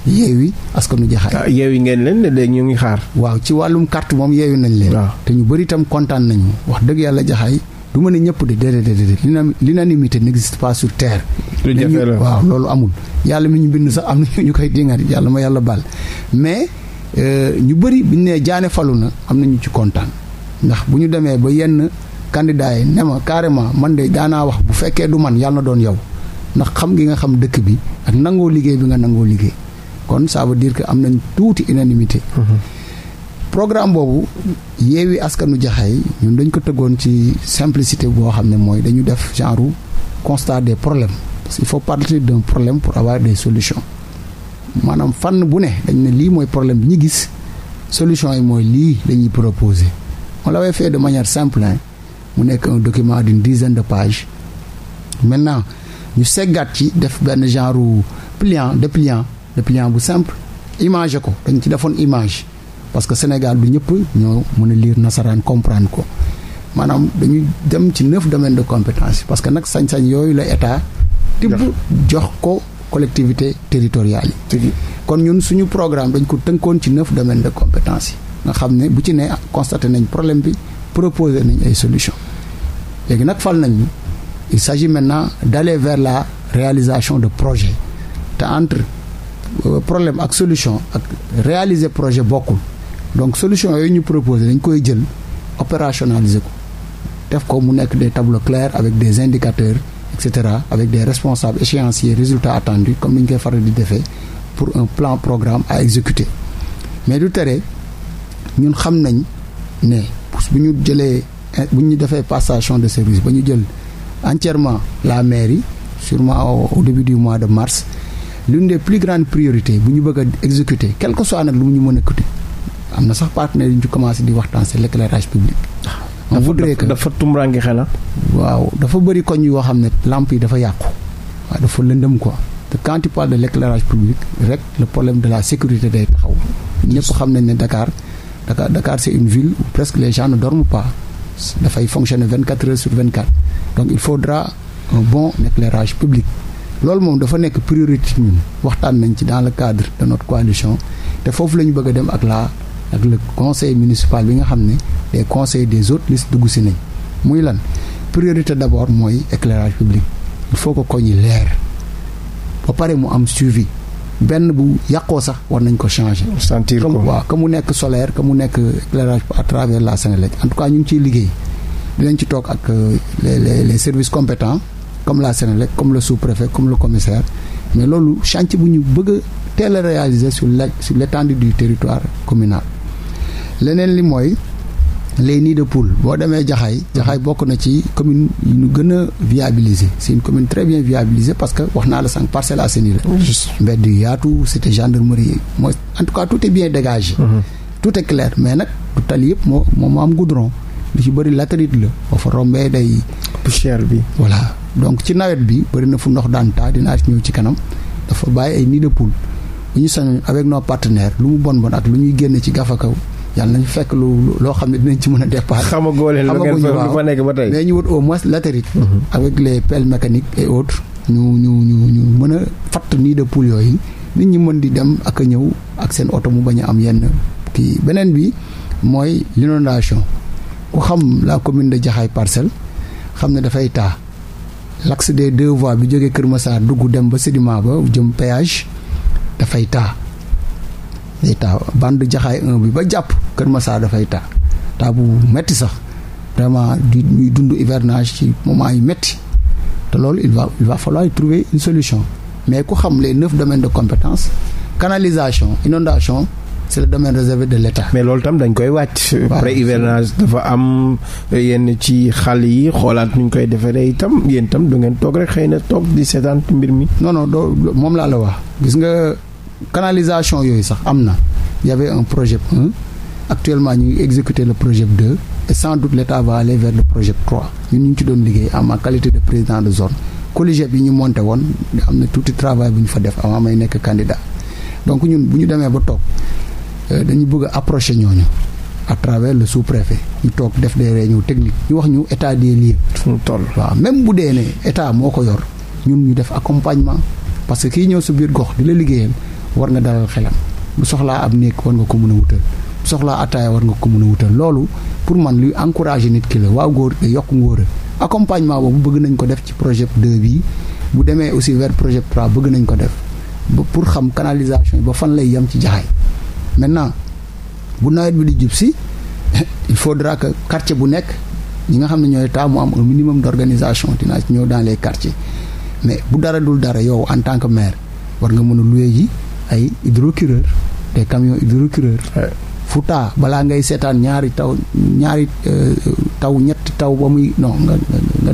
yeewi askanu jaxaay ah, yi ngeen leen de ñu ngi xaar waaw ci wàllum carte moom yeewi nañ leen te ñu bëri tam kontaan nañu wax dëgg yàlla jaxaay du ma ne ñëpp de déedéet déedéet l'unanimité n'existe pas sur terre waaw loolu amul yàlla mi ñu bind sax am na ñu koy dingat yàlla ma yàlla baal mais euh, ñu bëri biñ ne jaane falu na am nañu ci kontaan ndax bu ñu demee ba yenn candidat yi ne ma carrément man de daanaa wax bu fekkee du man yàlla doon yow ndax xam gi nga xam dëkk bi ak nangoo liggéey bi nga nangoo liggéey kon ça veut dire que am nañ tuuti unanimité mhm. programme boobu yeewi askanu jaxaay ñun dañ ko tëggoon ci simplicité boo xam ne mooy dañu def genre constat des problèmes parce qu'il faut problème pour avoir des solutions maanaam fànn bu ne dañ ne lii mooy problème bi ñu gis solution yi mooy lii dañuy proposer on l'avait fait de manière simple mu nekk un document d'une dizaine de pages maintenant ñu seggaat ci def benn genre pliant dépliant le bu simple image ko dañ ci defoon image parce que Sénégal du ñëpp ñoo mën a lire nasaraan comprendre ko maanaam dañuy dem ci neuf domaines de compétence parce que nag sañ-sañ yooyu la état tibb jox ko collectivité territoriale yi kon ñun suñu programme dañ ko tënkoon ci neuf domaines de compétence yi nga xam ne bu ci ne constaté nañ problème bi proposé nañ ay solution léegi nag fal nañ il s'agit maintenant d'aller vers la réalisation de projets Euh, problème ak solution ak réaliser projet bokkul donc solution yooyu ñu proposer dañ koy jël opérationnaliser ko def ko mu nekk des tableaux clairs avec des indicateurs et avec des responsables échéanciers résultats attendus comme ni koy faral di defee pour un plan programme à exécuter mais du tere ñun xam nañ ne bu ñu jëlee bu ñu defee passation de service ba ñu jël entièrement la mairie sûrement au début du mois de mars l'une des plus grandes priorités bu ñu bëgg a exécuter quel que soit nag lu mu ñu mën a coûter am na sax partenaires yu ñu commencé di waxtaan c'est l'éclairage public. on voudrait que dafa tumuraange xel ah. waaw dafa bëri koñ yoo xam ne lampe yi dafa yàqu waaw dafa lëndëm quoi te quand tu de l'éclairage public rek le problème de la sécurité day taxaw ñëpp xam ne ne dakaar Dakar Dakar c'est une ville presque les gens ne dorment pas dafay fonctionner vingt quatre heures sur vingt quatre donc il faudra un bon éclairage public loolu moom dafa nekk priorité ñun waxtaan nañ ci dans le cadre de notre coalition te foofu la ñu bëgg a dem ak la ak le conseil municipal bi nga xam ne les conseils des autres listes dugg si nañ muy lan priorité d' abord mooy éclairage public il faut que koñ leer ba pare mu am suivi benn bu yàqoo sax war nañ ko changer. sentir ko waaw que mu nekk solaire que mu nekk éclairage à travers la Sénélec en tout cas ñu ngi ciy liggéey dinañ ci toog ak euh, les les service compétents. comme la Sénélec comme le sous-préfet comme le commissaire mais loolu chantier bu ñu bëgg a teel sur la sur l'étendue du territoire communal leneen li mooy les nids de poule boo demee Jaxaay Jaxaay bokk na ci commune yi ñu gën a viabiliser c'est commune très bien viabilisée parce que wax naa la sànq Parcelles Assainies la mbedd yu yaatu c'était gendarmerie mooy en tout cas tout bien dégagé mm-hmm. tout est mais nag du tali yëpp moo moo am goudron lu ci bëri la boo fa rombee day donc ci nawet bi bëri na fu ndox daan taa dinaa ñëw ci kanam dafa bàyyi ay nid de poule ñu sañoon avec nos partenaires lu mu bon bon ak lu ñuy génn ci gafakaw yàlla nañu fekk loo xam ne dinañ ci mën a départ. xamagoo leen lu ngeen fa nekk ba tey mais ñu wut au moins latérite. Mm-hmm. avec les pelles mécaniques et ñu ñu ñu ñu mën a fatt nid de poule yooyu nit mën di dem ak ñëw ak seen oto mu bañ am yenn kii beneen bi mooy l'inondation ku xam la commune de Jaxaay parcelle xam ne dafay taa. l'axe des deux voies bi jógee Kër Massar dugg dem ba Sédima ba jëm péage dafay taa day taa bande jaxaay 1 bi ba jàpp Kër Massar dafay taa taa bu metti sax vraiment di ñuy dund hivernage ci moment yu metti te loolu il va il va falloir trouver une solution mais ku xam les neuf domaines de compétence canalisation inondation c'est le domaine réservé de l'État. mais loolu tam dañ koy wàcc. pré hivernage dafa am euh, yenn ci xal yi xoolaat nu ñu koy defaree itam yéen tam du ngeen toog rek xëy na toog di seetaan mbir mi. non doo moom laa la wax gis nga canalisation yooyu sax am na y avait projet un actuellement ñu ngi exécuter le projet 2 et sans doute l'État va aller vers le projet 3 ñun ñu ngi ci doon liggéey am ma qualité de président de zone. collège bi ñu monté woon am na tuuti travail bu ñu fa def avant may nekk candidat donc ñun bu ñu demee ba toog Euh, dañu bëgg a approcher ñooñu à travers le sous-préfet ñu toog def des ñëw technique ñu wax ñu état de lieux. fu mu toll waaw même bu dee ne état moo ko yor ñun ñu def accompagnement parce que kii ñëw sa biir gox di la liggéeyal war nga dalal xelam bu soxlaa ab néeg war nga ko mën wutal bu soxlaa ataaya war nga ko mën wutal loolu pour man luy encourager nit ki la waaw góor te yokk ngóor accompagnement bu bëgg nañ ko def ci projet 2 bii bu demee aussi vers projet 3 bëgg nañ ko def ba pour xam canalisation yi fan lay yem ci jaxaay maintenant bu nawet bi di jub si il faudra que quartier bu nekk ñi nga xam ne ñooy taa mu am un minimum d' organisation dinaa ci ñëw dans les quartiers mais bu dara dul dara yow en tant que maire war nga mën a louer ji ay hydrocureur des camions hydrocureur fu taa balaa ngay seetaan ñaari taw ñaari euh, taw ñetti taw ba muy non nga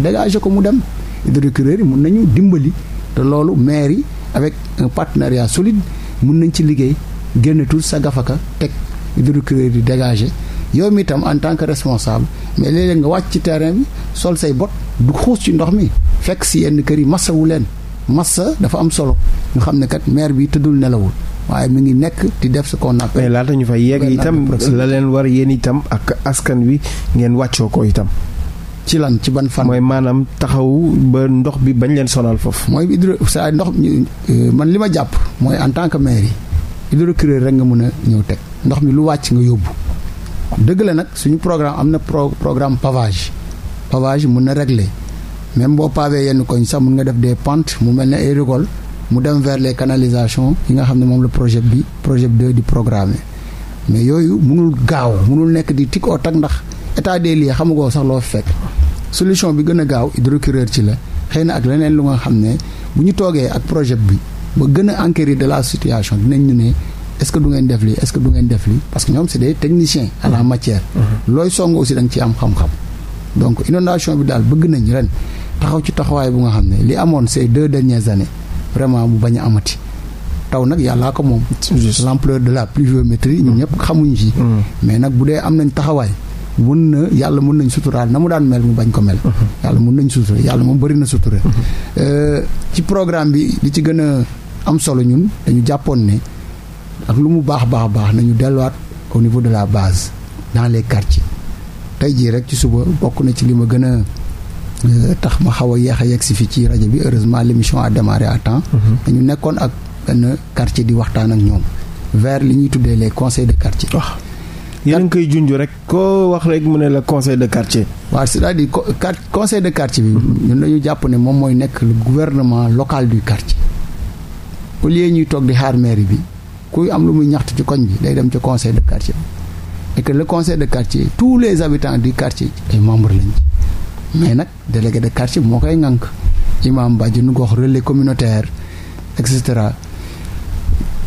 nga ko mu dem hydrocureur yi mun nañu dimbali te loolu maire yi avec un partenariat solide mun nañ ci liggéey génnatul sa gafaka teg hydrocureur di dégagé yow mi itam en tant que responsable mais léeg-léeg nga wàcc ci terrain bi sol say bot du xuus ci ndox mi fekk si yenn kër yi wu leen massa dafa am solo ñu xam ne kat maire bi tëddul nelawul waaye mi ngi nekk di def sa ko appelle mais laata ñu fay yegg itam la leen war yéen itam ak askan wi ngeen wàccoo ko itam ci lan ci ban fan mooy maanaam taxawu ba ndox bi bañ leen sonal foofu mooy hydro saa ndox euh, man li ma jàpp mooy en tant que maire yi hydrocureur rek nga mën a ñëw teg ndox mi lu wàcc nga yóbbu dëgg la nag suñu programme am na programme pavage pavage mun na régler même boo pavé yenn koñ sax mun nga def des pentes mu mel ne ay mu dem verle canalisation yi nga xam ne moom la projet bi projet de di programme mais yooyu munul gaaw munul nekk di tik oo tak ndax état des lieux xamagoo sax loo fekk solution bi gën a gaaw hydrocureur ci la xëy na ak leneen lu nga xam ne bu ñu toogee ak projet bi ba gën a enquérir de la situation dinañ ñu ne est-ce que du ngeen def lii est-ce que du ngeen def lii parce que ñoom c'est des techniciens à la mhm. matière. Mhm. looy song aussi da nga am xam-xam. donc inondation bi daal bëgg nañ ren taxaw ci taxawaay bu nga xam ne li amoon ces deux dernières années vraiment mu bañ a amati. taw nag yàllaa ko moom. l'ampleur de la pluviométrie ñun ñëpp xamuñ ci. Mhm. mais nag bu dee am nañ taxawaay. mën na yàlla mën nañ suturaal na mu euh, a. am solo ñun dañu jàppoon ne ak lu mu baax baax baax nañu delluwaat au niveau de la base dans les quartiers tey jii rek ci suba bokk na ci li ma gën a euh, tax ma xaw a yeex a yegg si fii ci rajo bi heureusement l' émission a démarré à temps. Mhm. dañu nekkoon ak benn quartier di waxtaan ak ñoom vers li ñuy tuddee les conseil de quartier. yéen a ngi koy junj rek koo wax rek mu ne la conseil de quartier. waaw c'est-à-dire conseil de quartier bi. Mhm. ñun dañu jàpp ne moom mooy nekk le gouvernement local du quartier. au lieu ñuy toog di xaar mairie bi kuy am lu muy ñaxtu ci koñ bi day dem ci conseil de quartier et que le conseil de quartier tous les habitants du quartier ay membres lañ mais nag délégué de quartier moo koy ŋànk imam bàjjenu gox relais communautaire et cetera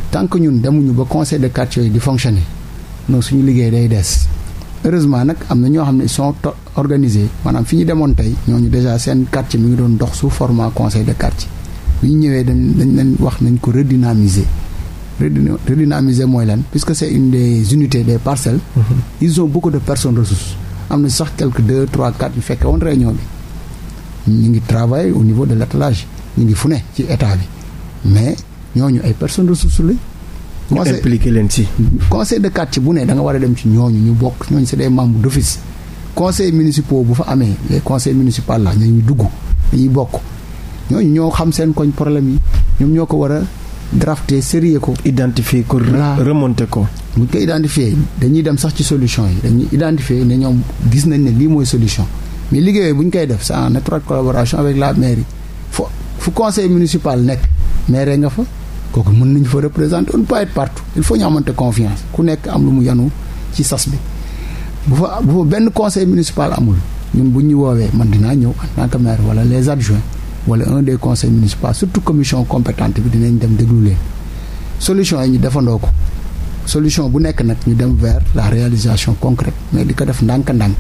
tant ñun demuñu ba conseil de quartier yi di fonctionner non suñu liggéey day des heureusement nag am na ñoo xam ne son sont organisés maanaam fi ñu demoon tey ñooñu déjà seen quartier mi ngi doon dox sous format conseil de quartier bu ñu ñëwee dañ dañ leen wax nañ ko redynamiser redynamiser mooy leen puisque c' est une des unités des parcelle mm -hmm. ils ont beaucoup de personnes am na sax quelques deux trois quatre yu fekkee woon réunion bi ñu ngi travailler au niveau de l' attelage ñu ngi fu ne ci état bi mais ñooñu ay personnes ressources lañ conseil impliqué leen ci. conseil de quartier bu ne danga war a dem ci ñooñu ñu bokk ñooñu c' est des membres d' office conseil municipal bu fa amee conseil conseils municipaux ñu ñuy dugg dañuy bokk. ñooñu ñoo xam seen koñ problème yi ñoom ñoo ko war a drafté sérieux ko. identifier ko remonté ko. muñ ñu ko identifié dañuy dem sax ci solution yi dañuy identifier ne ñoom gis nañ ne lii mooy solution mais liggéey bu ñu koy def c'est en étroite collaboration avec la mairie fo fu conseil municipal nekk maire nga fa kooku mën nañ fa représenter on peut être partout il faut ñu amante confiance ku nekk am lu mu yanu ci sas bi bu fa bu fa benn conseil municipal amul ñun bu ñu woowee man dinaa ñëw en tant wala les adjoints. wala un des conseils municipaux surtout commission compétente bi dinañ dem déglu leen solution yi ñu defandoo ko solution bu nekk nag ñu dem vers la réalisation concrète mais di ko def ndànk-ndànk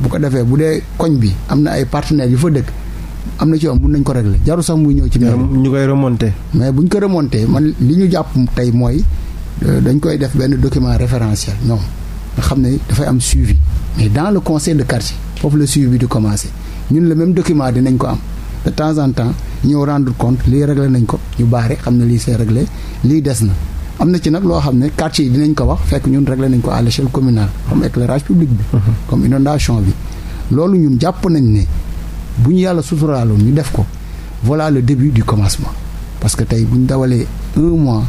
bu ko defee bu dee koñ bi am na ay partenaires yu fa dëkk am na ci yoon mun nañ ko régler jaru sax muy ñëw ci mairie ñu koy remonter mais bu ñu ko remonter man li ñu jàpp tey mooy euh, dañ koy def benn document référentiel ñoom nga xam ne dafay am suivi mais dans le conseil de quartier foofu la suivi bi di commencer ñun le même document dinañ ko am de temps en temps ñëw rendre compte lii réglé nañ ko ñu baare xam ne lii c'est réglé lii des na am na ci nag loo xam ne quartier yi dinañ ko wax fekk ñun réglé nañ ko à l'échelle communale comme éclairage public bi mhm. comme inondation bi loolu ñun jàpp nañ ne bu ñu yàlla suturaaloon ñu def ko voilà le début du commencement parce que tey bu ñu dawalee un mois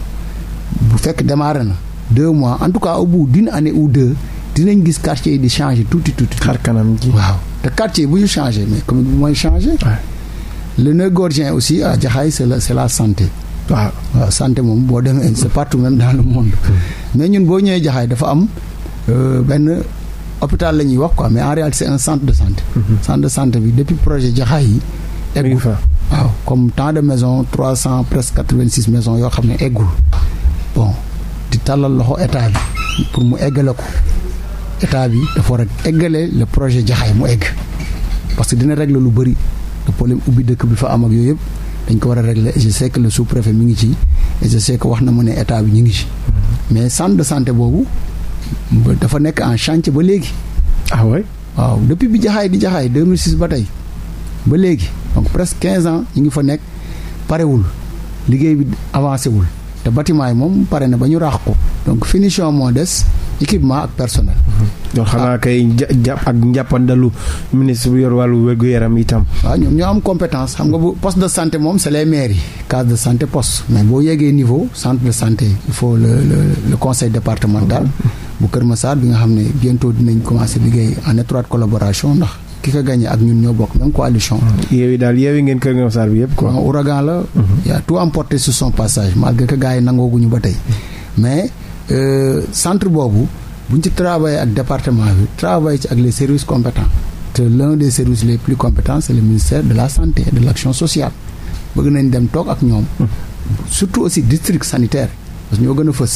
bu fekk démarré na deux mois en tout cas au bout d'une année ou deux dinañ gis quartier yi di changer tuuti tuuti. xar kanam ji waaw te quartier bu ñu changé mais commune bi mooy changé. le nœud gordien aussi à Jaxaay c'est la c'est la santé. waaw waaw santé moom boo demee c'est partout même dans le monde mais ñun boo ñëwee Jaxaay dafa am euh, benn hôpital la ñuy wax quoi mais en réalité c'est un centre de santé. Mhm. centre de santé bi depuis projet Jaxaay yi. eggul fa waaw comme tant de maisons trois cent presque quatre-vingt-six maisons yoo xam ne eggul bon di tàllal loxo état bi pour mu eggale ko état bi dafa war a eggale le projet Jaxaay mu egg parce que dina régler lu bari. problème ubbi dëkk bi fa am ak yooyu yëpp dañ ko war a régler je sais que sous-préfet mi ngi ci et je wax na mu ne état bi ñu ngi ci mm-hmm. mais centre de santé boobu dafa nekk en chantier ba léegi. ah waaw depuis bi jaxaay di jaxaay 2006 ba tey ba léegi donc presque quinze ans ñu ngi fa nekk parewul liggéey bi avancé wul te bâtiment yi moom pare na ba ñu raax ko donc finition moo des. équipement ak personnel. Mm-hmm. donc xanaa ah. kay jàpp ak njàppandalu ministre bu yor wàllu wér-gu-yaram itam. waaw ñoom ñoo am compétence xam nga bu poste de santé moom c'est les maires yi. case de santé poste. mais boo yeggee niveau centre de santé il faut le le le conseil départemental. bu Kër Massar bi nga xam ne bientôt dinañ commencer liggéey en étroite collaboration ndax. ki ko gagné ak ñun ñoo bokk même coalition. Mm-hmm. yeewi daal yeewi ngeen Kër Massar bi yëpp quoi. ouragan la. Mm-hmm. tout emporté sur son passage malgré yi nangooguñu ba tey Euh, centre boobu bu ñu ci travaillé ak département bi travaillé ci ak les service compétents te l'un des services les plus compétents c'est le ministère de la santé de l'action sociale bëgg nañ dem toog ak ñoom surtout aussi district sanitaire parce que ñoo gën a fës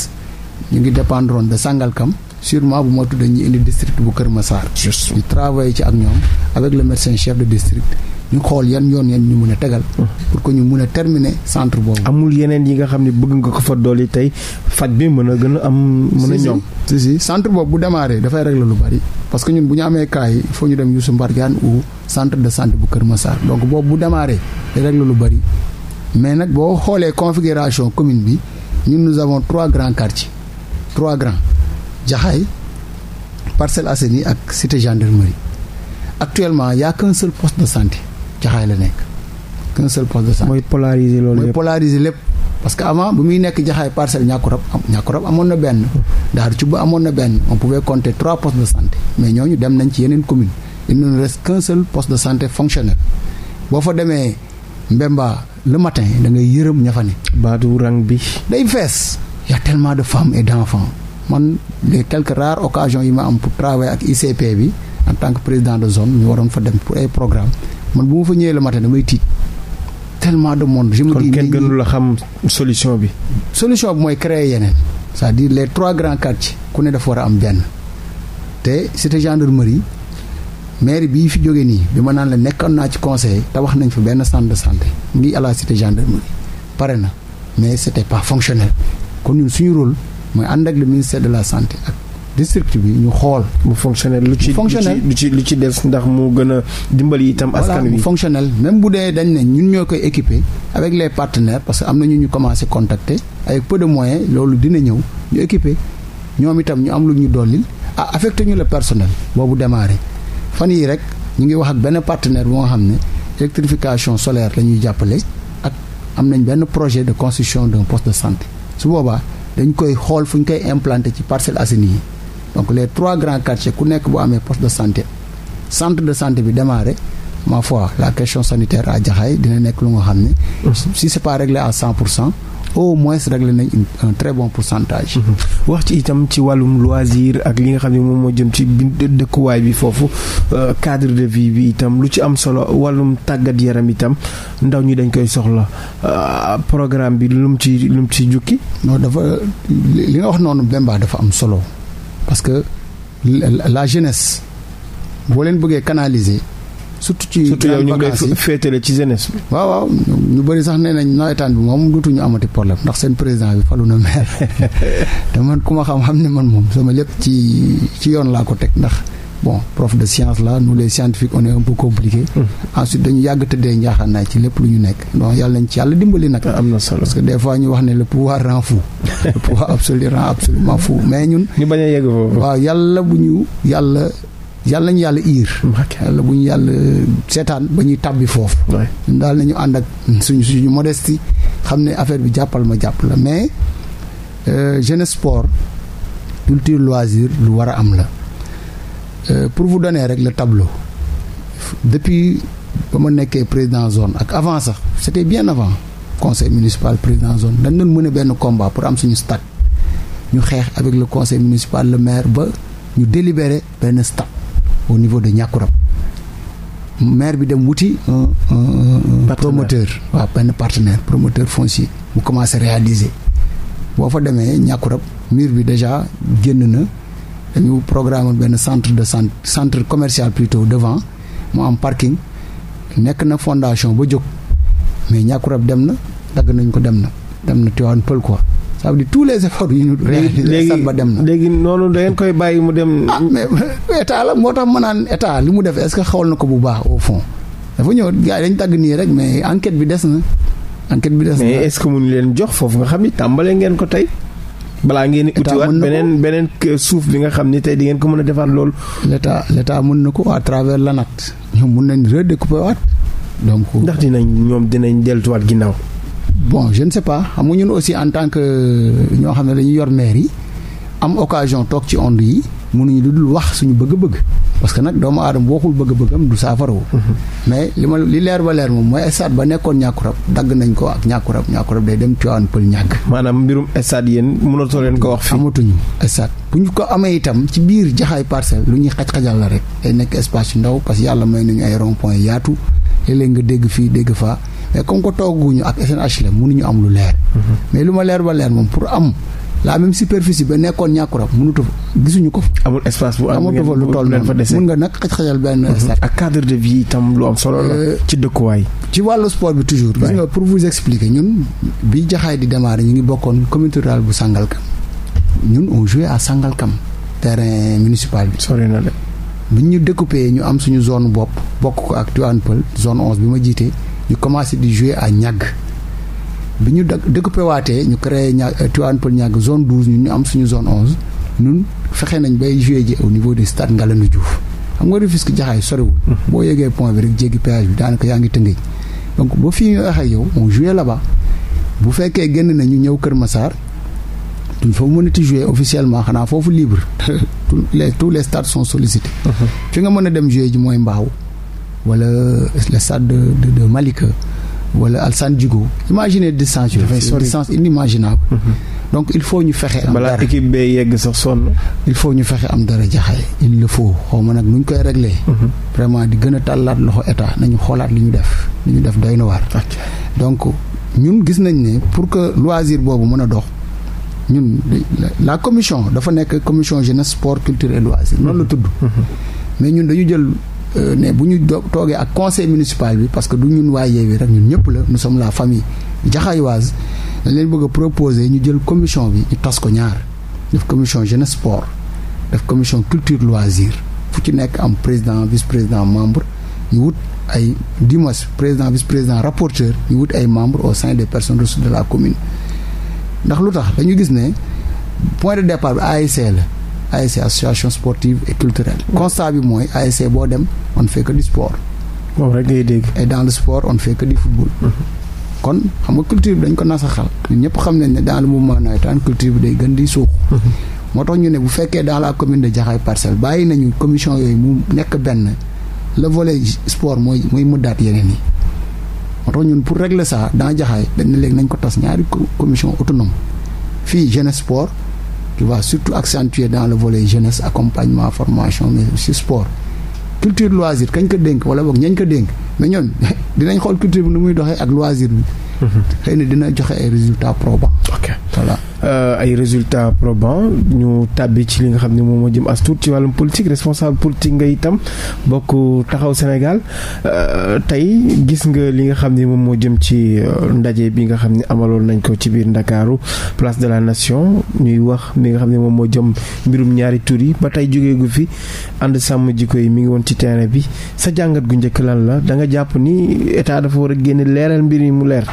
ñu ngi dépendre de Sangalkam sûrement bu ma tudd dañuy indi district bu Kër Massar ñu travaillé ci ak ñoom avec le médecin chef de district ñu xool yan yoon yan ñu mun a tegal. pour ko ñu mun a terminer centre boobu. amul yeneen yi nga xam ne bëgg nga ko fa dolli tey faj bi mën a gën a am. mën a ñoom si centre boobu bu démarré dafay régler lu bari. parce que ñun bu ñu amee cas yi ñu dem Youssou Mbargane ou centre de santé bu Kër Massar donc boobu bu démarré day régler lu bari mais nag boo xoolee configuration commune bi ñun nous avons trois grands quartiers trois grands Jaxaay Parcelles Assainies ak Cité Gendarmerie actuellement y a qu'un seul poste de santé. jaxaay la nekk qu'un seul poste de santé. mooy polariser lépp parce que avant bu muy nekk jaxaay parcelle ñàkk rab am ñàkk rab amoon na benn daaru ci ba amoon na benn on pouvait compter trois postes de santé mais ñooñu dem nañ ci yeneen commune il ne reste qu'un seul poste de santé fonctionnel boo fa demee Mbemba le matin da ngay yërëm ña fa ne. baatu rang bi. day fees y a tellement de femmes et d'enfants man les quelques rares occasions yi ma am pour travailler ak ICP bi en tant que président de zone ñu waroon fa dem pour ay programme man bu fa ñëwee le matin damay tiit tellement de monde. je yi dis kon kenn gënu la xam solution bi. solution bi mooy créer yeneen c'est-à-dire les trois grands quartiers ku ne dafa war a am benn te cité gendarmerie maire bii fi jógee nii bi ma naan la nekkoon naa ci conseil tabax nañ fi benn centre de santé ngi à la cité gendarmerie pare na mais c'était pas fonctionnel kon ñun suñu rôle mooy ànd ak le ministère de la santé ak district bi ñu xool. bu fonctionnel lu ci lu ci lu ci des ndax mu gën a dimbali itam. askan wi voilà fonctionnel même bu dee dañ ne ñun ñoo koy équiper avec les parce que am na ñu ñu commencé contacter ay peu de loolu dina ñëw ñu équiper ñoom itam ñu am lu ñu dolli ah affecté ñu le personnel boobu démarré fan yii rek ñu ngi wax ak benn partenaire bu nga xam ne électrification solaire la ñuy jàppale ak am nañ benn projet de construction de poste de santé su boobaa dañ koy xool fu ñu koy implanté ci Parcelles Assainies yi. donc les trois grands quartiers ku nekk boo amee poste de santé centre de santé bi démarré ma foi la question sanitaire à Jaxaay dina nekk lu nga xam ne. Mhm. si c'est pas réglé à 100 pour cent au moins réglé nañ très bon pour pourcentage. Mhm. wax ci itam ci wàllum loisir ak li nga xam ne moom moo jëm ci dëkkuwaay bi foofu euh, cadre de vie bi itam lu ci am solo wàllum tàggat yaram itam ndaw ñi dañ koy soxla euh, programme bi lu mu ci lu mu ci jukki. non dafa li nga wax noonu Bemba dafa am solo. parce que la jeunesse boo leen bëggee canaliser. surtout ci surtout yow ñu ngi lay féetale ci jeunesse bi. ñu bëri sax nañ nawetaan bi moom dootuñu amati problème ndax seen président bi falu na maire te man ku ma xam xam ne man moom sama lépp ci ci yoon laa ko teg ndax. bon prof de science la nous les scientifiques on est un peu compliqué. Hmm. dañu yàgg tëddee njaaxaanaay ci lépp lu ñu nekk donc yàlla nañ ci yàlla dimbali nag. am na solo parce que des fois ñu wax ne le pouvoir rend fou. le pouvoir absolu rend mais ñun. ñu bañ a yegg foofu. waaw yàlla bu ñu yàlla. yàlla nañu yàlla iir yàlla bu ñu yàlla seetaan ba ñuy tàbbi foofu ñun daal nañu ànd ak suñu suñu modestie xam ne affaire bi jàppal ma jàpp la mais euh, jeunesse sport culture loisir lu war a am la Euh, pour vous donner rek le tableau depuis ba ma nekkee président zone ak avant sax c'était bien avant conseil municipal président zone dañ doon mën a benn combat pour am suñu stade ñu xeex avec le conseil municipal le maire ba ñu délibéré benn stade au niveau de Niakourab maire bi dem wuti un un promoteur waa benn partenaire promoteur foncier mu commencé réaliser boo fa demee Niakourab mur bi déjà génn na ñu programme benn centre de santé centre commercial plutôt devant mu am parking nekk na fondation ba jóg mais ñàkkurab dem na dagg nañ ko dem na dem na Tivaouane Peulh quoi ça veut dire tous les efforts yu ñu réalisé stade ba dem na léegi noonu da ngeen koy bàyyi mu dem. ah mais état la moo tax ma naan état li mu def est-ce que xawal na ko bu baax au fond dafa ñëw gars yi dañ tàgg nii rek mais enquête bi des na enquête bi des na. mais est-ce que mënu leen jox foofu nga xam ni tàmbale ngeen ko tey. balaa ngeen di utiwaat beneen beneen suuf bi nga xam ni tey di ngeen ko mën a defar loolu. l' état l' mën na ko à travers l'ANAT ñoom mën nañ redécouper waat donc. ndax dinañ ñoom dinañ deltuwaat ginnaaw. bon jeune ne sais pas xam nga ñun aussi en tant que ñoo xam ne dañuy yor maire yi am occasion toog ci onde yi mënuñu lu dul wax suñu bëgg-bëgg. parce que nag doomu aadama boo xul bëgg-bëggam du saafarawu mais li ma li leer ba leer moom mooy stade ba nekkoon ñàkku rab dagg nañ ko ak ñàkku rab ñàkku rab day dem Tivaouane Pël ñàgg maanaam mbirum stade yéen mënatoo leen ko wax fi amatuñu stade bu ñu ko amee itam ci biir jaxaay parcelle lu ñuy xaj-xajal la rek day nekk espace yu ndaw parce que yàlla may nañu ay rond point yaatu léeg nga dégg fii dégg faa mais comme ko tooguñu ak SNHLM mënuñu am lu leer mhm. mais lu ma leer ba la même superficie ba nekkoon ñàkkuram mënutu fa gisuñu ko fa. amul espace bu amul fa lu toll noonu mun nga nag xaj xajal benn. Mhm. stade ak cadre de vie tam lu am solo la. Euh, ci dëkkuwaay. ci wàllu sport bi toujours. gis nga pour vous expliquer ñun bi jaxaay di démarrer ñu ngi bokkoon communauté rurale bu Sangalkam ñun on jouait à Sangalkam terrain municipal bi. sori na de. bi ñu découpé ñu am suñu zone bopp bokk ko ak Tivaouane Peulh zone onze bi ma jiitee ñu commencé di jouer à Niag. bi ñu dë découpé waatee ñu créé ña euh, Tivaouane Peulh zone 12 ñu am suñu zone 11 ñun fexe nañ bay joué ji au niveau du stade Ngalandou Diouf xam nga Rufisque Jaxaay soriwul. Mhm. boo yegee pont bi rek jéggi péage bi daanaka yaa ngi tëngëj donc ba fii ñu waxee yow on joué là-bas bu fekkee génn nañu ñëw Kër Massar duñ fa mënati joué officiellement xanaa foofu libre tous les tous les stades sont sollicités. Mhm. fi nga mën a dem joué ji mooy Mbaaw wala le stade de de Malika. wala Alsane Djigo imaginez distance yooyu. Mhm. donc il faut ñu fexe. am dara balaa équipe bee yegg sax sonn. il faut ñu fexe am dara jaxee il le faut xaw ma nag nu ñu koy régler. Mhm. vraiment di gën a tàllaat loxo état nañu xoolaat li ñu def li ñu def doy na waar. donc ñun gis nañ ne pour que loisir boobu mën a dox ñun la commission dafa nekk commission jeunesse sport culture et loisir. noonu la mhm. tudd. mais ñun dañu jël. ne euh, bu ñu toogee ak conseil municipal bi parce que du ñun waa Yewwi rek ñun ñëpp la nous sommes la famille jaxayoise dañ leen bëgg a proposer ñu jël commission bi ñu tas ko ñaar def commission jeunesse sport def commission culture loisir fu ci nekk am président vice président membre ñu wut ay dimanche président vice président rapporteur ñu wut ay membres au sein des personnes ressources de la commune ndax lu tax dañu gis ne point de départ bi ASC la ASC association sportive et culturelle. Mm. constat bi mooy ASC boo dem on fait que du sport. moom rek dégg. dans le sport on fait que du mm-hmm. kon xam nga culture dañ ko nasaxal. ñun ñëpp xam nañ ne dans le mouvement nawetaan culture bi day gën di suux. Mm-hmm. moo tax ñu ne bu fekkee dans ak commune de Jaxaay parcelle bàyyi nañu commission yooyu mu nekk benn le volet sport mooy mooy mëddaat yeneen yi. moo tax ñun pour régler ça dans Jaxaay dañ ne léegi nañ ko tas ñaari commission autonome fii jeunesse sport. qui va surtout accentuer dans le volet jeunesse accompagnement formation mais aussi sport culture loisir kañ ko dénk wala boog ñañ ko dénk mais ñoom dinañ xool culture bi nu muy doxee ak loisir bi xëy na dina joxe ay résultats probants. ok euh, ay résultats probant ñu tàbbi ci li nga xam ne moom moo jëm as tuut ci wàllum politique responsable politique nga itam bokk taxaw Sénégal euh, tey gis nga li nga xam ne moom moo jëm ci euh, ndaje bi nga xam ni amaloon nañ ko ci biir Ndakaaru place de la nation ñuy wax li nga xam ne moom moo jëm mbirum ñaari tur yi ba tey jógee gu fi ànd sàmm jikko yi mi ngi woon ci terrain bi sa jàngat gu njëkk lan la da nga jàpp ni état dafa war a génne leeral mbir yi mu leer.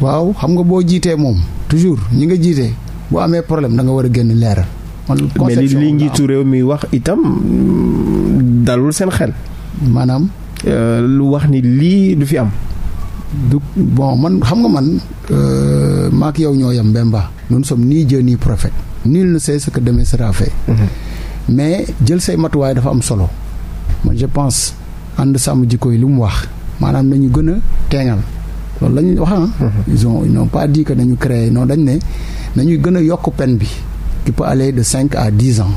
waaw xam nga boo jiitee moom toujours ñi nga jiitee bu amee problème da nga war a génn leeral. man mais li li njiitu réew mi wax itam mm, dalul seen xel. maanaam. Euh, lu wax ni lii du fi am. du bon man xam nga man euh, maak yow ñoo yem Bemba nous ne sommes ni Dieu ni prophète nul ne sait ce que demain sera fait mhm. mais jël say matuwaay dafa am solo man je pense ànd sàmm jikko yi li mu wax maanaam nañu gën a teeŋal loolu la ñu wax ah. Mm-hmm. ils ont ils n'ont pas dit que nañu créer non dañ ne gën a yokk peine bi qui peut de cinq à dix ans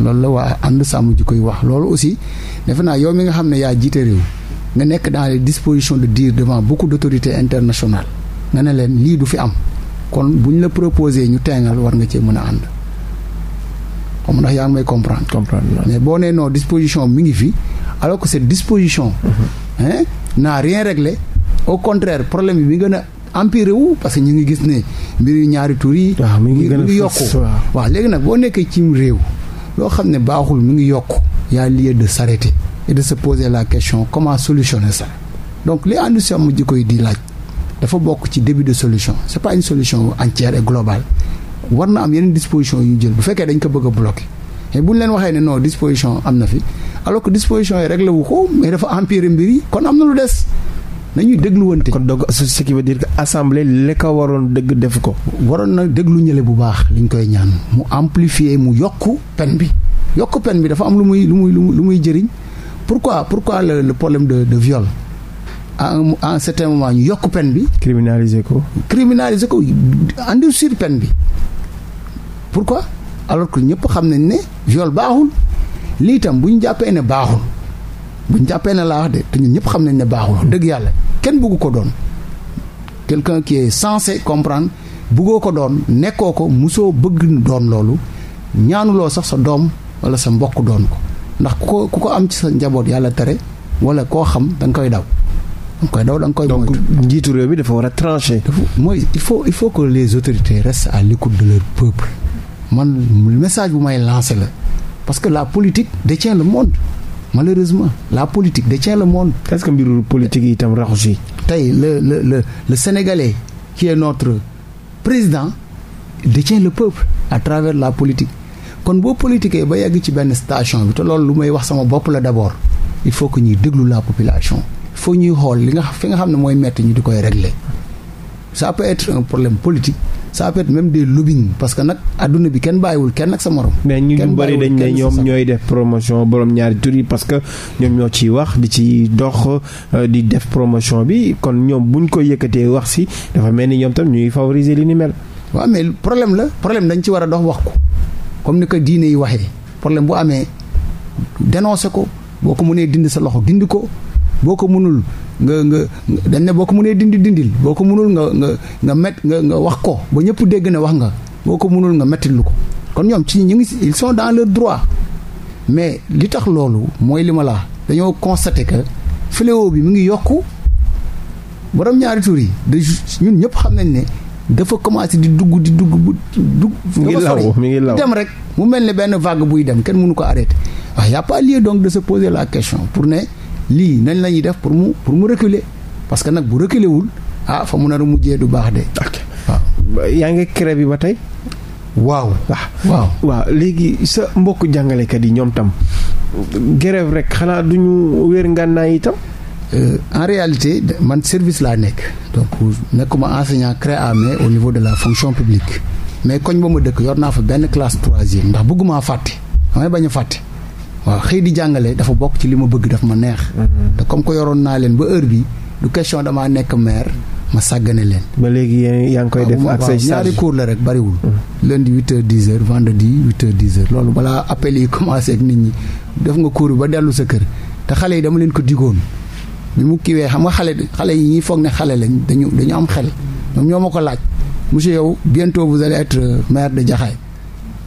loolu la waa ànd sàmm ji koy wax loolu aussi defe naa yow mi nga xam ne yaa jiite réew nga nekk dans les dispositions de dire devant beaucoup d'autorités internationales nga ne leen lii du fi am kon bu la proposé ñu teengal war nga cee mën a ànd comme ndax yaa ngi may comprendre. comprendre mais boo nee non disposition mu ngi fi alors que cette disposition. Mm-hmm. n'a rien réglé. o contraire problème bi mi gën a empiré wu parce que ñu ngi gis ne mbiru ñaari tur yi. waaw mi ngi gën a yokku waaw léegi nag boo nekkee cim réew. loo xam ne baaxul mi ngi yokku. y a lieu de s'arrêter et de se poser la question comment solutionner ça donc li ànd si am jikko yi di laaj dafa bokk ci début de solution c'est pas une solution entière et globale war na am yeneen disposition yu jël bu fekkee dañ ko bëgg a bloquer mais bu leen waxee ne non disposition am na fi alors disposition yi réglé wu ko mais dafa empirer kon am nañu dégluwante. kon donc ce qui veut dire que assemblée waroon dëgg def ko. waroon na déglu ñële bu baax liñ koy ñaan mu amplifier mu yokku peine bi yokku pen bi dafa am lu muy lu muy lu muy jëriñ pour pourquoi le le problème de de viol. à en à un certain ñu yokk pen bi. criminaliser ko. criminaliser ko endurcir peine bi pour pourquoi alors que ñëpp xam nañ ne viol baaxul lii tam bu jàppee ne baaxul bu jàppee ne laa wax de te ñun ñëpp xam nañ ne baaxul dëgg yàlla. kenn bugg ko doon quelqu'un qui est censé comprendre buggoo ko doon nekkoo ko musoo bëgg doon loolu ñaanuloo sax sa doom wala sa mbokk doon ko ndax ku ko ku ko am ci sa njaboot yàlla tere wala koo xam da koy daw da nga koy daw da nga njiitu réew mi dafa war a trancher mooy il faut il faut que les autorités restent à l'écoute de leur peuple man message bu may lancer la parce que la politique détient le monde malheureusement la politique détient le monde. est-ce que mbiru politique yi itam raxu si. tey le le le le sénégalais qui est notre président détient le peuple à travers la politique kon boo politiquee ba yegg ci benn station bi te loolu lu may wax sama bopp la d'abord il faut que ñuy déglu la population. foo faut ñuy xool li nga fi nga xam ne mooy metti ñu di koy régler ça peut être un problème politique. ça peut être même des lobbying parce que nag adduna bi kenn bàyyiwul kenn ak sa morom. mais ñu ñu bëri dañ ne ñoom ñooy def promotion borom ñaari tur yi parce que ñoom ñoo ciy wax di ci dox euh, di def promotion bi kon ñoom buñ ko yëkkatee wax si dafa mel ni ñoom tam ñuy favoriser li ni mel. waaw amee problème la problème dañ ci war a dox wax ko comme ni ko diine yi waxee problème bu amee dénoncé ko boo ko mënee dindi sa loxo dindi ko boo ko mënul. nga nga dañ boo ko mënee dindi dindil boo ko mënul nga nga nga met nga nga wax ko ba ñëpp dégg ne wax nga boo ko mënul nga mettit lu ko kon ñoom ci ñu ngi ils sont dans leur droit mais li tax loolu mooy li ma laa dañoo constaté que fléau bi mu ngi yokku borom ñaari tur yi de ñun ñëpp xam nañ ne dafa commencé di dugg di dugg bu dugg. mi ngi law mi ngi law dem rek mu mel ne benn vague buy dem kenn mënu ko arrêté waaw ah, y a pas lieu donc de se poser la question pour ne. lii nañ la def pour mu pour mu reculer parce que nag bu reculer wul ah fa mu nar a mujjee du baax de. ok yaa ngi CREI bi ba tey. waaw. Ah. waaw waaw léegi sa mbokk jàngalekat yi ñoom tam. grève rek xanaa du ñu wér ngànnaay itam. Euh, en réalité man service laa nekk donc nekkuma enseignant CREA mais au niveau de la fonction publique mais koñ ba ma dëkk yor naa fa benn classe troisième ndax bëggumaa fàtte damay bañ a fàtte waaw xëy di jàngale dafa bokk ci li ma bëgg daf ma neex. Mhm. te comme ko yoroon naa leen ba heure bi du question damaa nekk maire ma sàggane leen. ba léegi yéen yaa ngi koy def ak say ñaari cours la rek bariwul. Mhm. lundi huit heures dix heures di huit heures dix heures loolu balaa appel yi commencé ak nit ñi def nga cours bi ba dellu sa kër te xale yi dama leen ko digoon bi mu kiiwee xam nga xale xale yi ñuy foog ne xale lañ dañu dañu am xel ñoom ñoo ma ko laaj monsieur yow bientôt vous allez être euh, maire de Jaxaay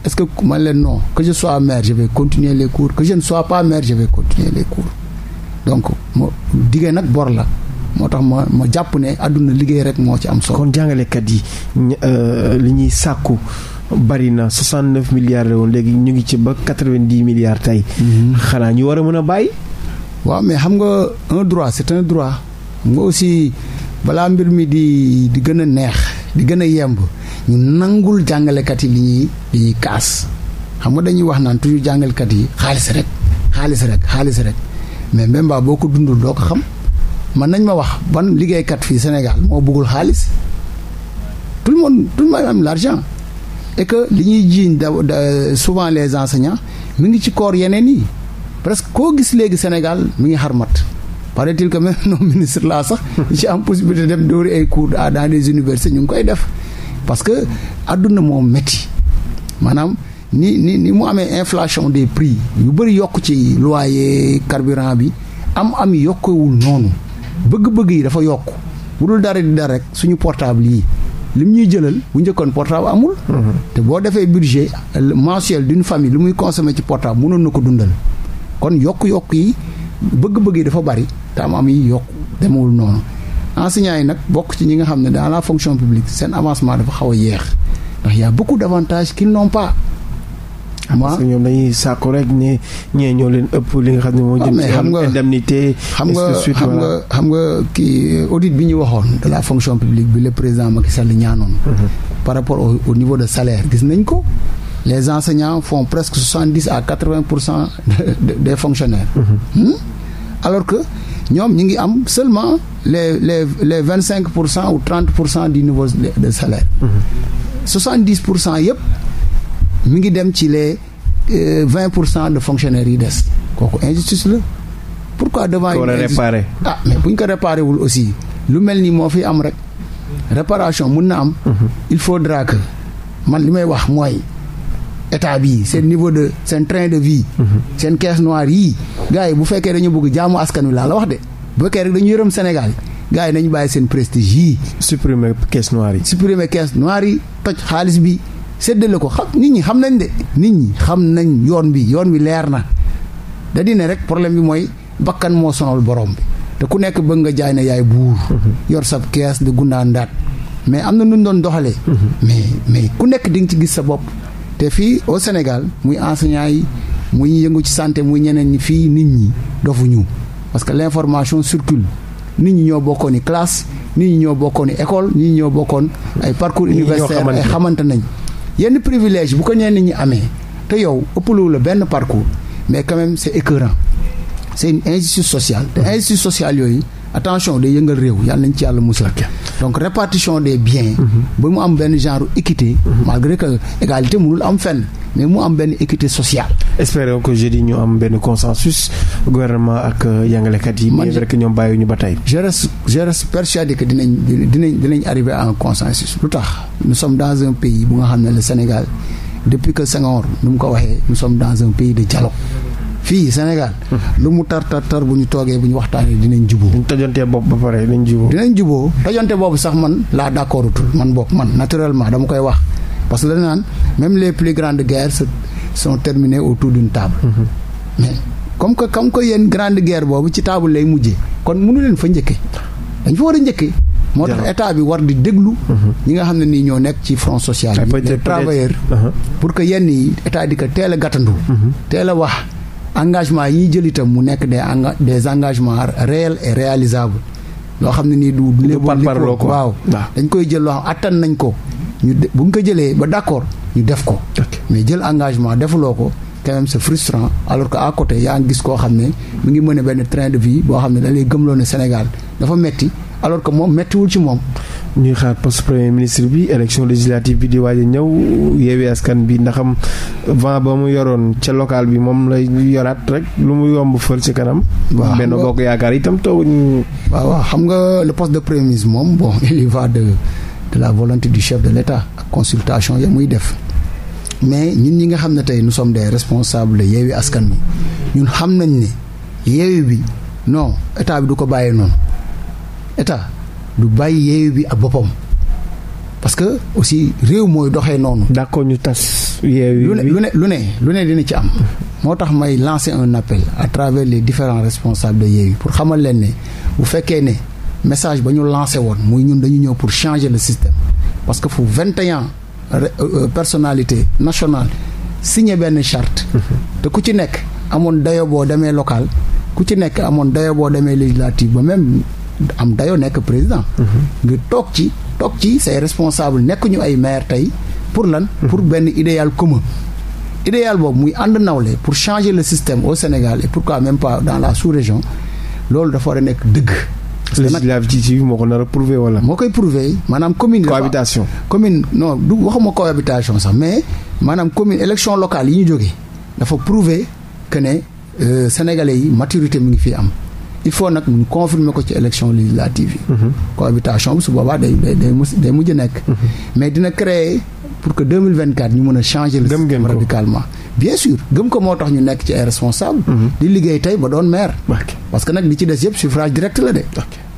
Est-ce que man leen non que je sois maire je vais continuer les cours que je ne sois pas donc ma diggee nag bor la moo tax ma ma jàpp ne àdduna liggéey rek moo ci am solo. kon jàngalekat yi euh, li ñuy sàkku bari na 69 milliards la woon léegi ñu ngi ci ba 90 milliards tey. Mhm. xanaa ñu war a mën a bàyyi. waaw mais xam nga un droit c'est un droit xam nga aussi balaa mbir mi di di gën a neex. di gën a yemb ñu nangul jàngalekat yi li ñuy li ñuy kaas xam nga dañuy wax naan toujours jàngalekat yi xaalis rek xaalis rek xaalis rek mais Mbemba boo ko dundul doo ko xam man nañ ma wax ban liggéeykat fii Sénégal moo bëggul xaalis tout le monde tout le monde am l'argent et que li ñuy jiiñ da souvent les enseignants mi ngi ci koor yeneen yi presque koo gis léegi Sénégal mi ngi xarmat paraît-il que même non ministre laa sax j'ai am possibilité dem dóori ay cours dans des universités ñu ngi koy def parce que adduna moom métti maanaam ni ni ni mu amee inflation des prix yu bëri yokk ci loyer carburant bi am am yokkewul noonu bëgg-bëgg yi dafa yokk bu dul dara di dara rek suñu portable yi lim ñuy jëlal bu njëkkoon portable amul mhm. te boo defee budget euh, mensuel d'une famille lu muy consommer ci portable mënoon na ko dundal kon yokk-yokk yi bëgg-bëgg yi dafa bari am yi yokku demewul noonu enseignants yi nag bokk ci ñi nga xam ne dans la fonction publique seen avancement dafa xaw a yeex ndax y a beaucoup d'avantages qu'ils n'ont pas parce ñoom dañuy sàkku rek ne ñee ñoo leen ëpp li nga xam moo ah, jëm ci xam nga indemnité xam nga xam nga xam nga kii audit bi ñu waxoon de la fonction publique bi le président Macky Sall ñaanoon mm-hmm. par rapport au, niveau de salaire gis nañ ko les enseignants font presque soixante dix à quatre vingt pour cent des fonctionnaires mm-hmm. hmm? alors que ñoom ñi ngi am seulement les les les vingt cinq pour cent ou trente pour cent du niveau de salaire. Mhm. soixante dix pour cent yëpp mi ngi dem ci les euh, vingt pour cent de fonctionnaires yi des kooku injustice la. pourquoi devant une réparer ah mais bu ñu ko réparé wul aussi lu mel ni moo fiy am rek réparation mun na am. Mhm. il faudra que man li may wax mooy. état bi seen niveau de seen train de vie. Mhm. seen caisse noire yii. gars yi bu fekkee dañu bëgg jaamu askan wi laa la wax de bu fekkee rek dañu yërëm Sénégal gars yi nañu bàyyi seen prestige yii. supprimer caisse noire yi. supprimer caisse noire yi toj xaalis bi séddale ko xam nit ñi xam nañ de. nit ñi xam nañ yoon bi yoon wi leer na da di rek problème bi mooy bakkan moo sonal borom bi te ku nekk bëgg nga jaay na yaay buur. Mhm. yor sab kees di gundaan daat mais am na nu doon doxalee. Mhm. mais mais ku nekk di nga ci gis sa bopp. te fii au Sénégal muy enseignants yi muy yëngu ci santé muy ñeneen ñi fii nit ñi dofuñu parce que l'information circule nit ñi ñoo bokkoon i classe nit ñi ñoo bokkoon i école nit ñi ñoo bokkoon ay parcours universitaire ay xamante nañ yenn privilège bu ko ñenn ñi amee te yow ëppaloo la benn parcours mais quand même c'est écœurant c'est une injustice sociale te mhm. injustice sociale yooyu attention de yëngal réew yàlla nañ ci yàlla musal donc répartition des bien ba mu am benn genre équité malgré que égalité mënul am fenn mais mu am benn équité sociale espérons que jeudi ñu am benn consensus gouvernement ak euh, jàngalekat yi mais rek ñoom bàyyiwuñu ba tey je reste je reste persuadé que dinañ dinañ dinañ arriver à un consensus lu tax nous sommes dans un pays bu nga xam ne le Sénégal depuis que Senghor nu mu ko waxee nous sommes dans un pays de dialogue fii Sénégal. Hmm. lu mu tar tar tar bu ñu toogee bu ñu waxtaanee dinañ juboo ñu tojante bopp ba pare dinañ juboo dinañ juboo tojante bopp sax man laa d'accordutul man bopp man naturellement dama koy wax parce que dañu naan même les plus grandes guerres sont terminées autour d'une table. Hmm. mais comme que comme que yéen grande guerre boobu ci table lay mujjee kon mënu leen fa njëkkee dañ fa war a njëkkee. moo tax état bi war di déglu. Hmm. ñi nga xam ne nii ñoo nekk ci front social. ay travailleur uh-huh. pour que yenn état di ko teel a gàttandu. teel a wax. engagement yi ñuy jël itam mu nekk des des engagements réels et réalisables loo xam ne nii du. du par parloo ko waaw dañ koy jël loo xam attan nañ ko. ñu de bu ñu ko jëlee ba d' accord ñu def ko. mais jël engagement defuloo ko quand même c' frustrant alors que à côté yaa ngi gis koo xam ne mu ngi mën a benn train de vie boo xam ne da lay gëmloo ne Sénégal dafa metti alors que moom méttiwul ci moom. ñuy xaar poste premier ministre bi élection législative bi di waaj a ñëw yeewi askan bi ndaxam vent ba mu yoroon ca local bi moom lay yoraat rek lu muy yomb fël ci kanam. waaw benn bokk yaakaar itam tooguñu. waaw xam nga le poste de premier ministre moom bon il y va de de la volonté du chef de l'État ak consultation ya muy def. mais ñun ñi nga xam ne tey nu som des responsables de yeewi askan bi ñun xam nañ ne yeewi bi non état bi du ko bàyyee noonu état. du bàyyi yeewu bi ak boppam parce que aussi réew mooy doxee noonu. d'accord ñu tas yeewu lu ne lu ne lu ne lu ne dina ci am. moo tax may lancer un appel à travers les différents responsables de yeewu pour xamal leen ne bu fekkee ne message ba ñu lancé woon muy ñun dañu ñëw pour changer le système parce que fu 21 euh, euh, personnalité nationale signé benn charte. Mm-hmm. te ku ci nekk amoon dayo boo demee local ku ci nekk amoon dayo boo demee législative ba même. am dayoo nekk président. nga toog ci toog ci say responsable nekk ñu ay maire tey pour lan. pour benn idéal commun. idéal boobu muy ànd nawle pour changer le système au Sénégal et pourquoi même pas dans la sous loolu dafa war nekk dëgg. législative moo ko nar a prouver wala. moo koy prouver manaam commune. cohabitation commune non du waxuma cohabitation sax mais maanaam commune élection locale yi ñu jógee dafa prouver que ne euh, sénégalais yi maturité mi ngi fi am. il faut nag ñu confirmer ko ci élection législative yi. Mhm. cohabitation bi su boobaa day day mujj nekk. Mhm. mais dina créer pour que 2024 ñu mën a changer. le système radicalement. bien sûr gëm ko moo tax ñu nekk ci ay responsable mhm. di liggéey tey ba doon maire. parce que nag li ci des yëpp suffrage direct la de.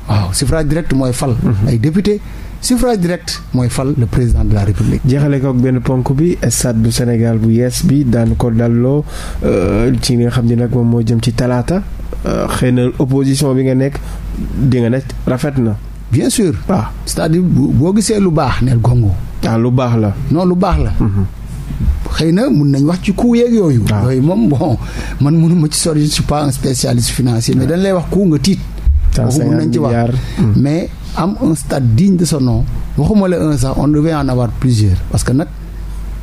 waaw suffrage direct mooy fal. ay député suffrage direct mooy fal le président de la république. jeexale ko ak benn ponk bi stade bu Sénégal bu yees bi daan ko dalloo euh, ci li nga xam ne nag moo jëm ci talaata. Euh, xëy na opposition bi nga nekk di nga nekk rafet na. bien sûr waaw cest boo gisee lu baax neel gongo. ah lu baax la. non lu baax la. Mhm. xëy na mun nañ wax ci ku yeeg yooyu. Ah. yooyu moom bon man mënuma ci sori je suis pas un spécialiste financier mais ah. dañ lay wax ku nga tiit. waxu mun nañ ci wax mhm. mais am un stade digne de son nom waxuma la un sax on devait en avoir plusieurs parce que nag.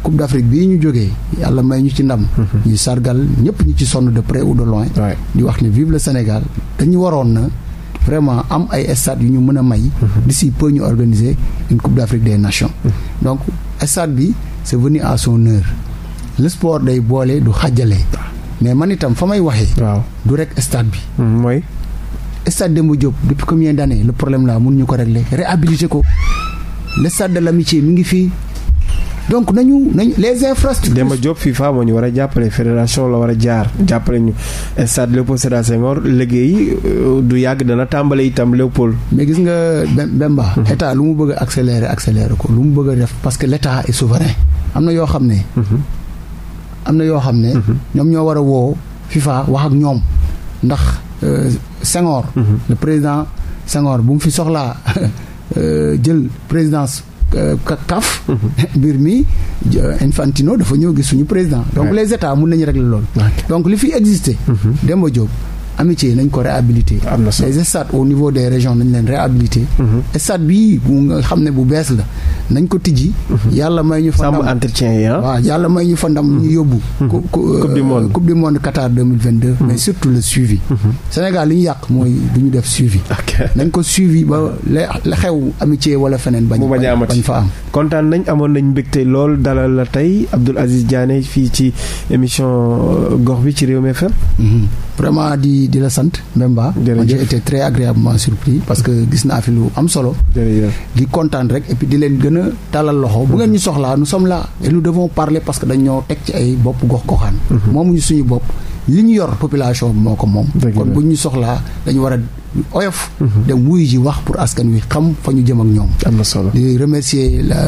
coupe d'Afrique bii ñu jógee yàlla may ñu ci ndam. Mhm. ñuy sargal ñëpp ñu ci sonn de près ou de loin. di wax ne vive le Sénégal dañu waroon na. vraiment am ay stade yu ñu mën a may. si mhm. peu ñu organiser une coupe d'Afrique des nations. Mhm. donc stade bi c'est venu à son heure. le sport day boole du xàjjale. mais man itam fa may waxee. waaw du rek stade bi. mooy. stade Demba Diop depuis combien d'années le problème mun ñu ko régler réhabiliter ko. le stade de ngi fii donc nañu nañu les infrastructures. Demba Diop FIFA moo ñu war a jàppale fédération la war a jaar jàppale ñu stade Léopold Sédar Senghor liggéey euh, du yàgg dana tàmbale itam Léopold. mais gis nga Bemba. Hmm. état lu mu bëgg a accélérer accélérer ko lu mu bëgg a def parce que l' état est souverain. am na yoo xam ne. Hmm. am na yoo xam ne. Hmm. ñoom ñoo war a woo FIFA wax ak ñoom ndax euh, Senghor. le président Senghor bu mu fi soxlaa euh, jël présidence. kaf mhm. mbir mi euh, Infantino dafa ñëw gis suñu président. donc les états mun nañu régler loolu. donc li fi existé. Mhm. Demba Diop amitié nañ ko réhabilité. am na les au niveau des région nañ leen réhabilité. Mhm. stade bii bu nga xam ne bu bees la nañ ko tijji. Mhm. Ah. yàlla may ñu fa ndam entretien yi waaw may ñu fa ndam ñu yóbbu. Mhm. Euh, coupe du monde coupe du monde Qatar deux mille vingt deux. mais surtout le suivi. Sénégal li ñu yàq mooy du ñu def suivi. nañ ko suivi ba la xew amitié wala feneen. bañ bañ fa am kontaan nañ amoon nañ mbégte lool dalal la tey Abdoul Aziz Diané fii ci émission euh, gox bi ci réew FM. vraiment di di la sant Mbemba. jërëjëf j'ai été très agréablement surpris parce que gis naa fi lu am solo. di kontaan rek et di leen gën a talal loxo. bu ngeen ñu soxlaa nu sommes là et nous parle parler parce que dañoo teg ci ay bopp gox goxaan. Mhm. moomuñu suñu bopp li ñu yor population bi moo ko moom. kon bu ñu soxlaa dañu war oyof. Mhm. de wuy ji wax pour askan wi xam fa ñu jëm ak ñoom. am na solo di remercier la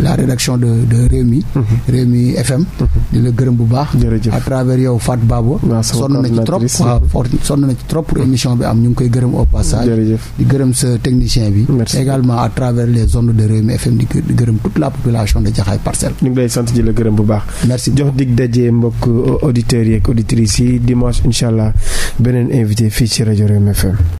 la rédaction de de Rewmi. Mhm. Rewmi FM. Mhm. di la gërëm bu baax. jërëjëf à travers yow Fat Babo. sonn na ci trop waaw sonn na ci trop pour émission bi am ñu ngi koy gërëm au passage. di gërëm sa technicien bi. également à travers les ondes de Rewmi FM di gërëm toute la population de Jaxaay parcelle ñu ngi lay sant di la gërëm bu baax. merci jox dig daje mbokk auditeurs yeeg auditrice yi dimanche incha allah beneen invité fii ci rajo Rewmi FM.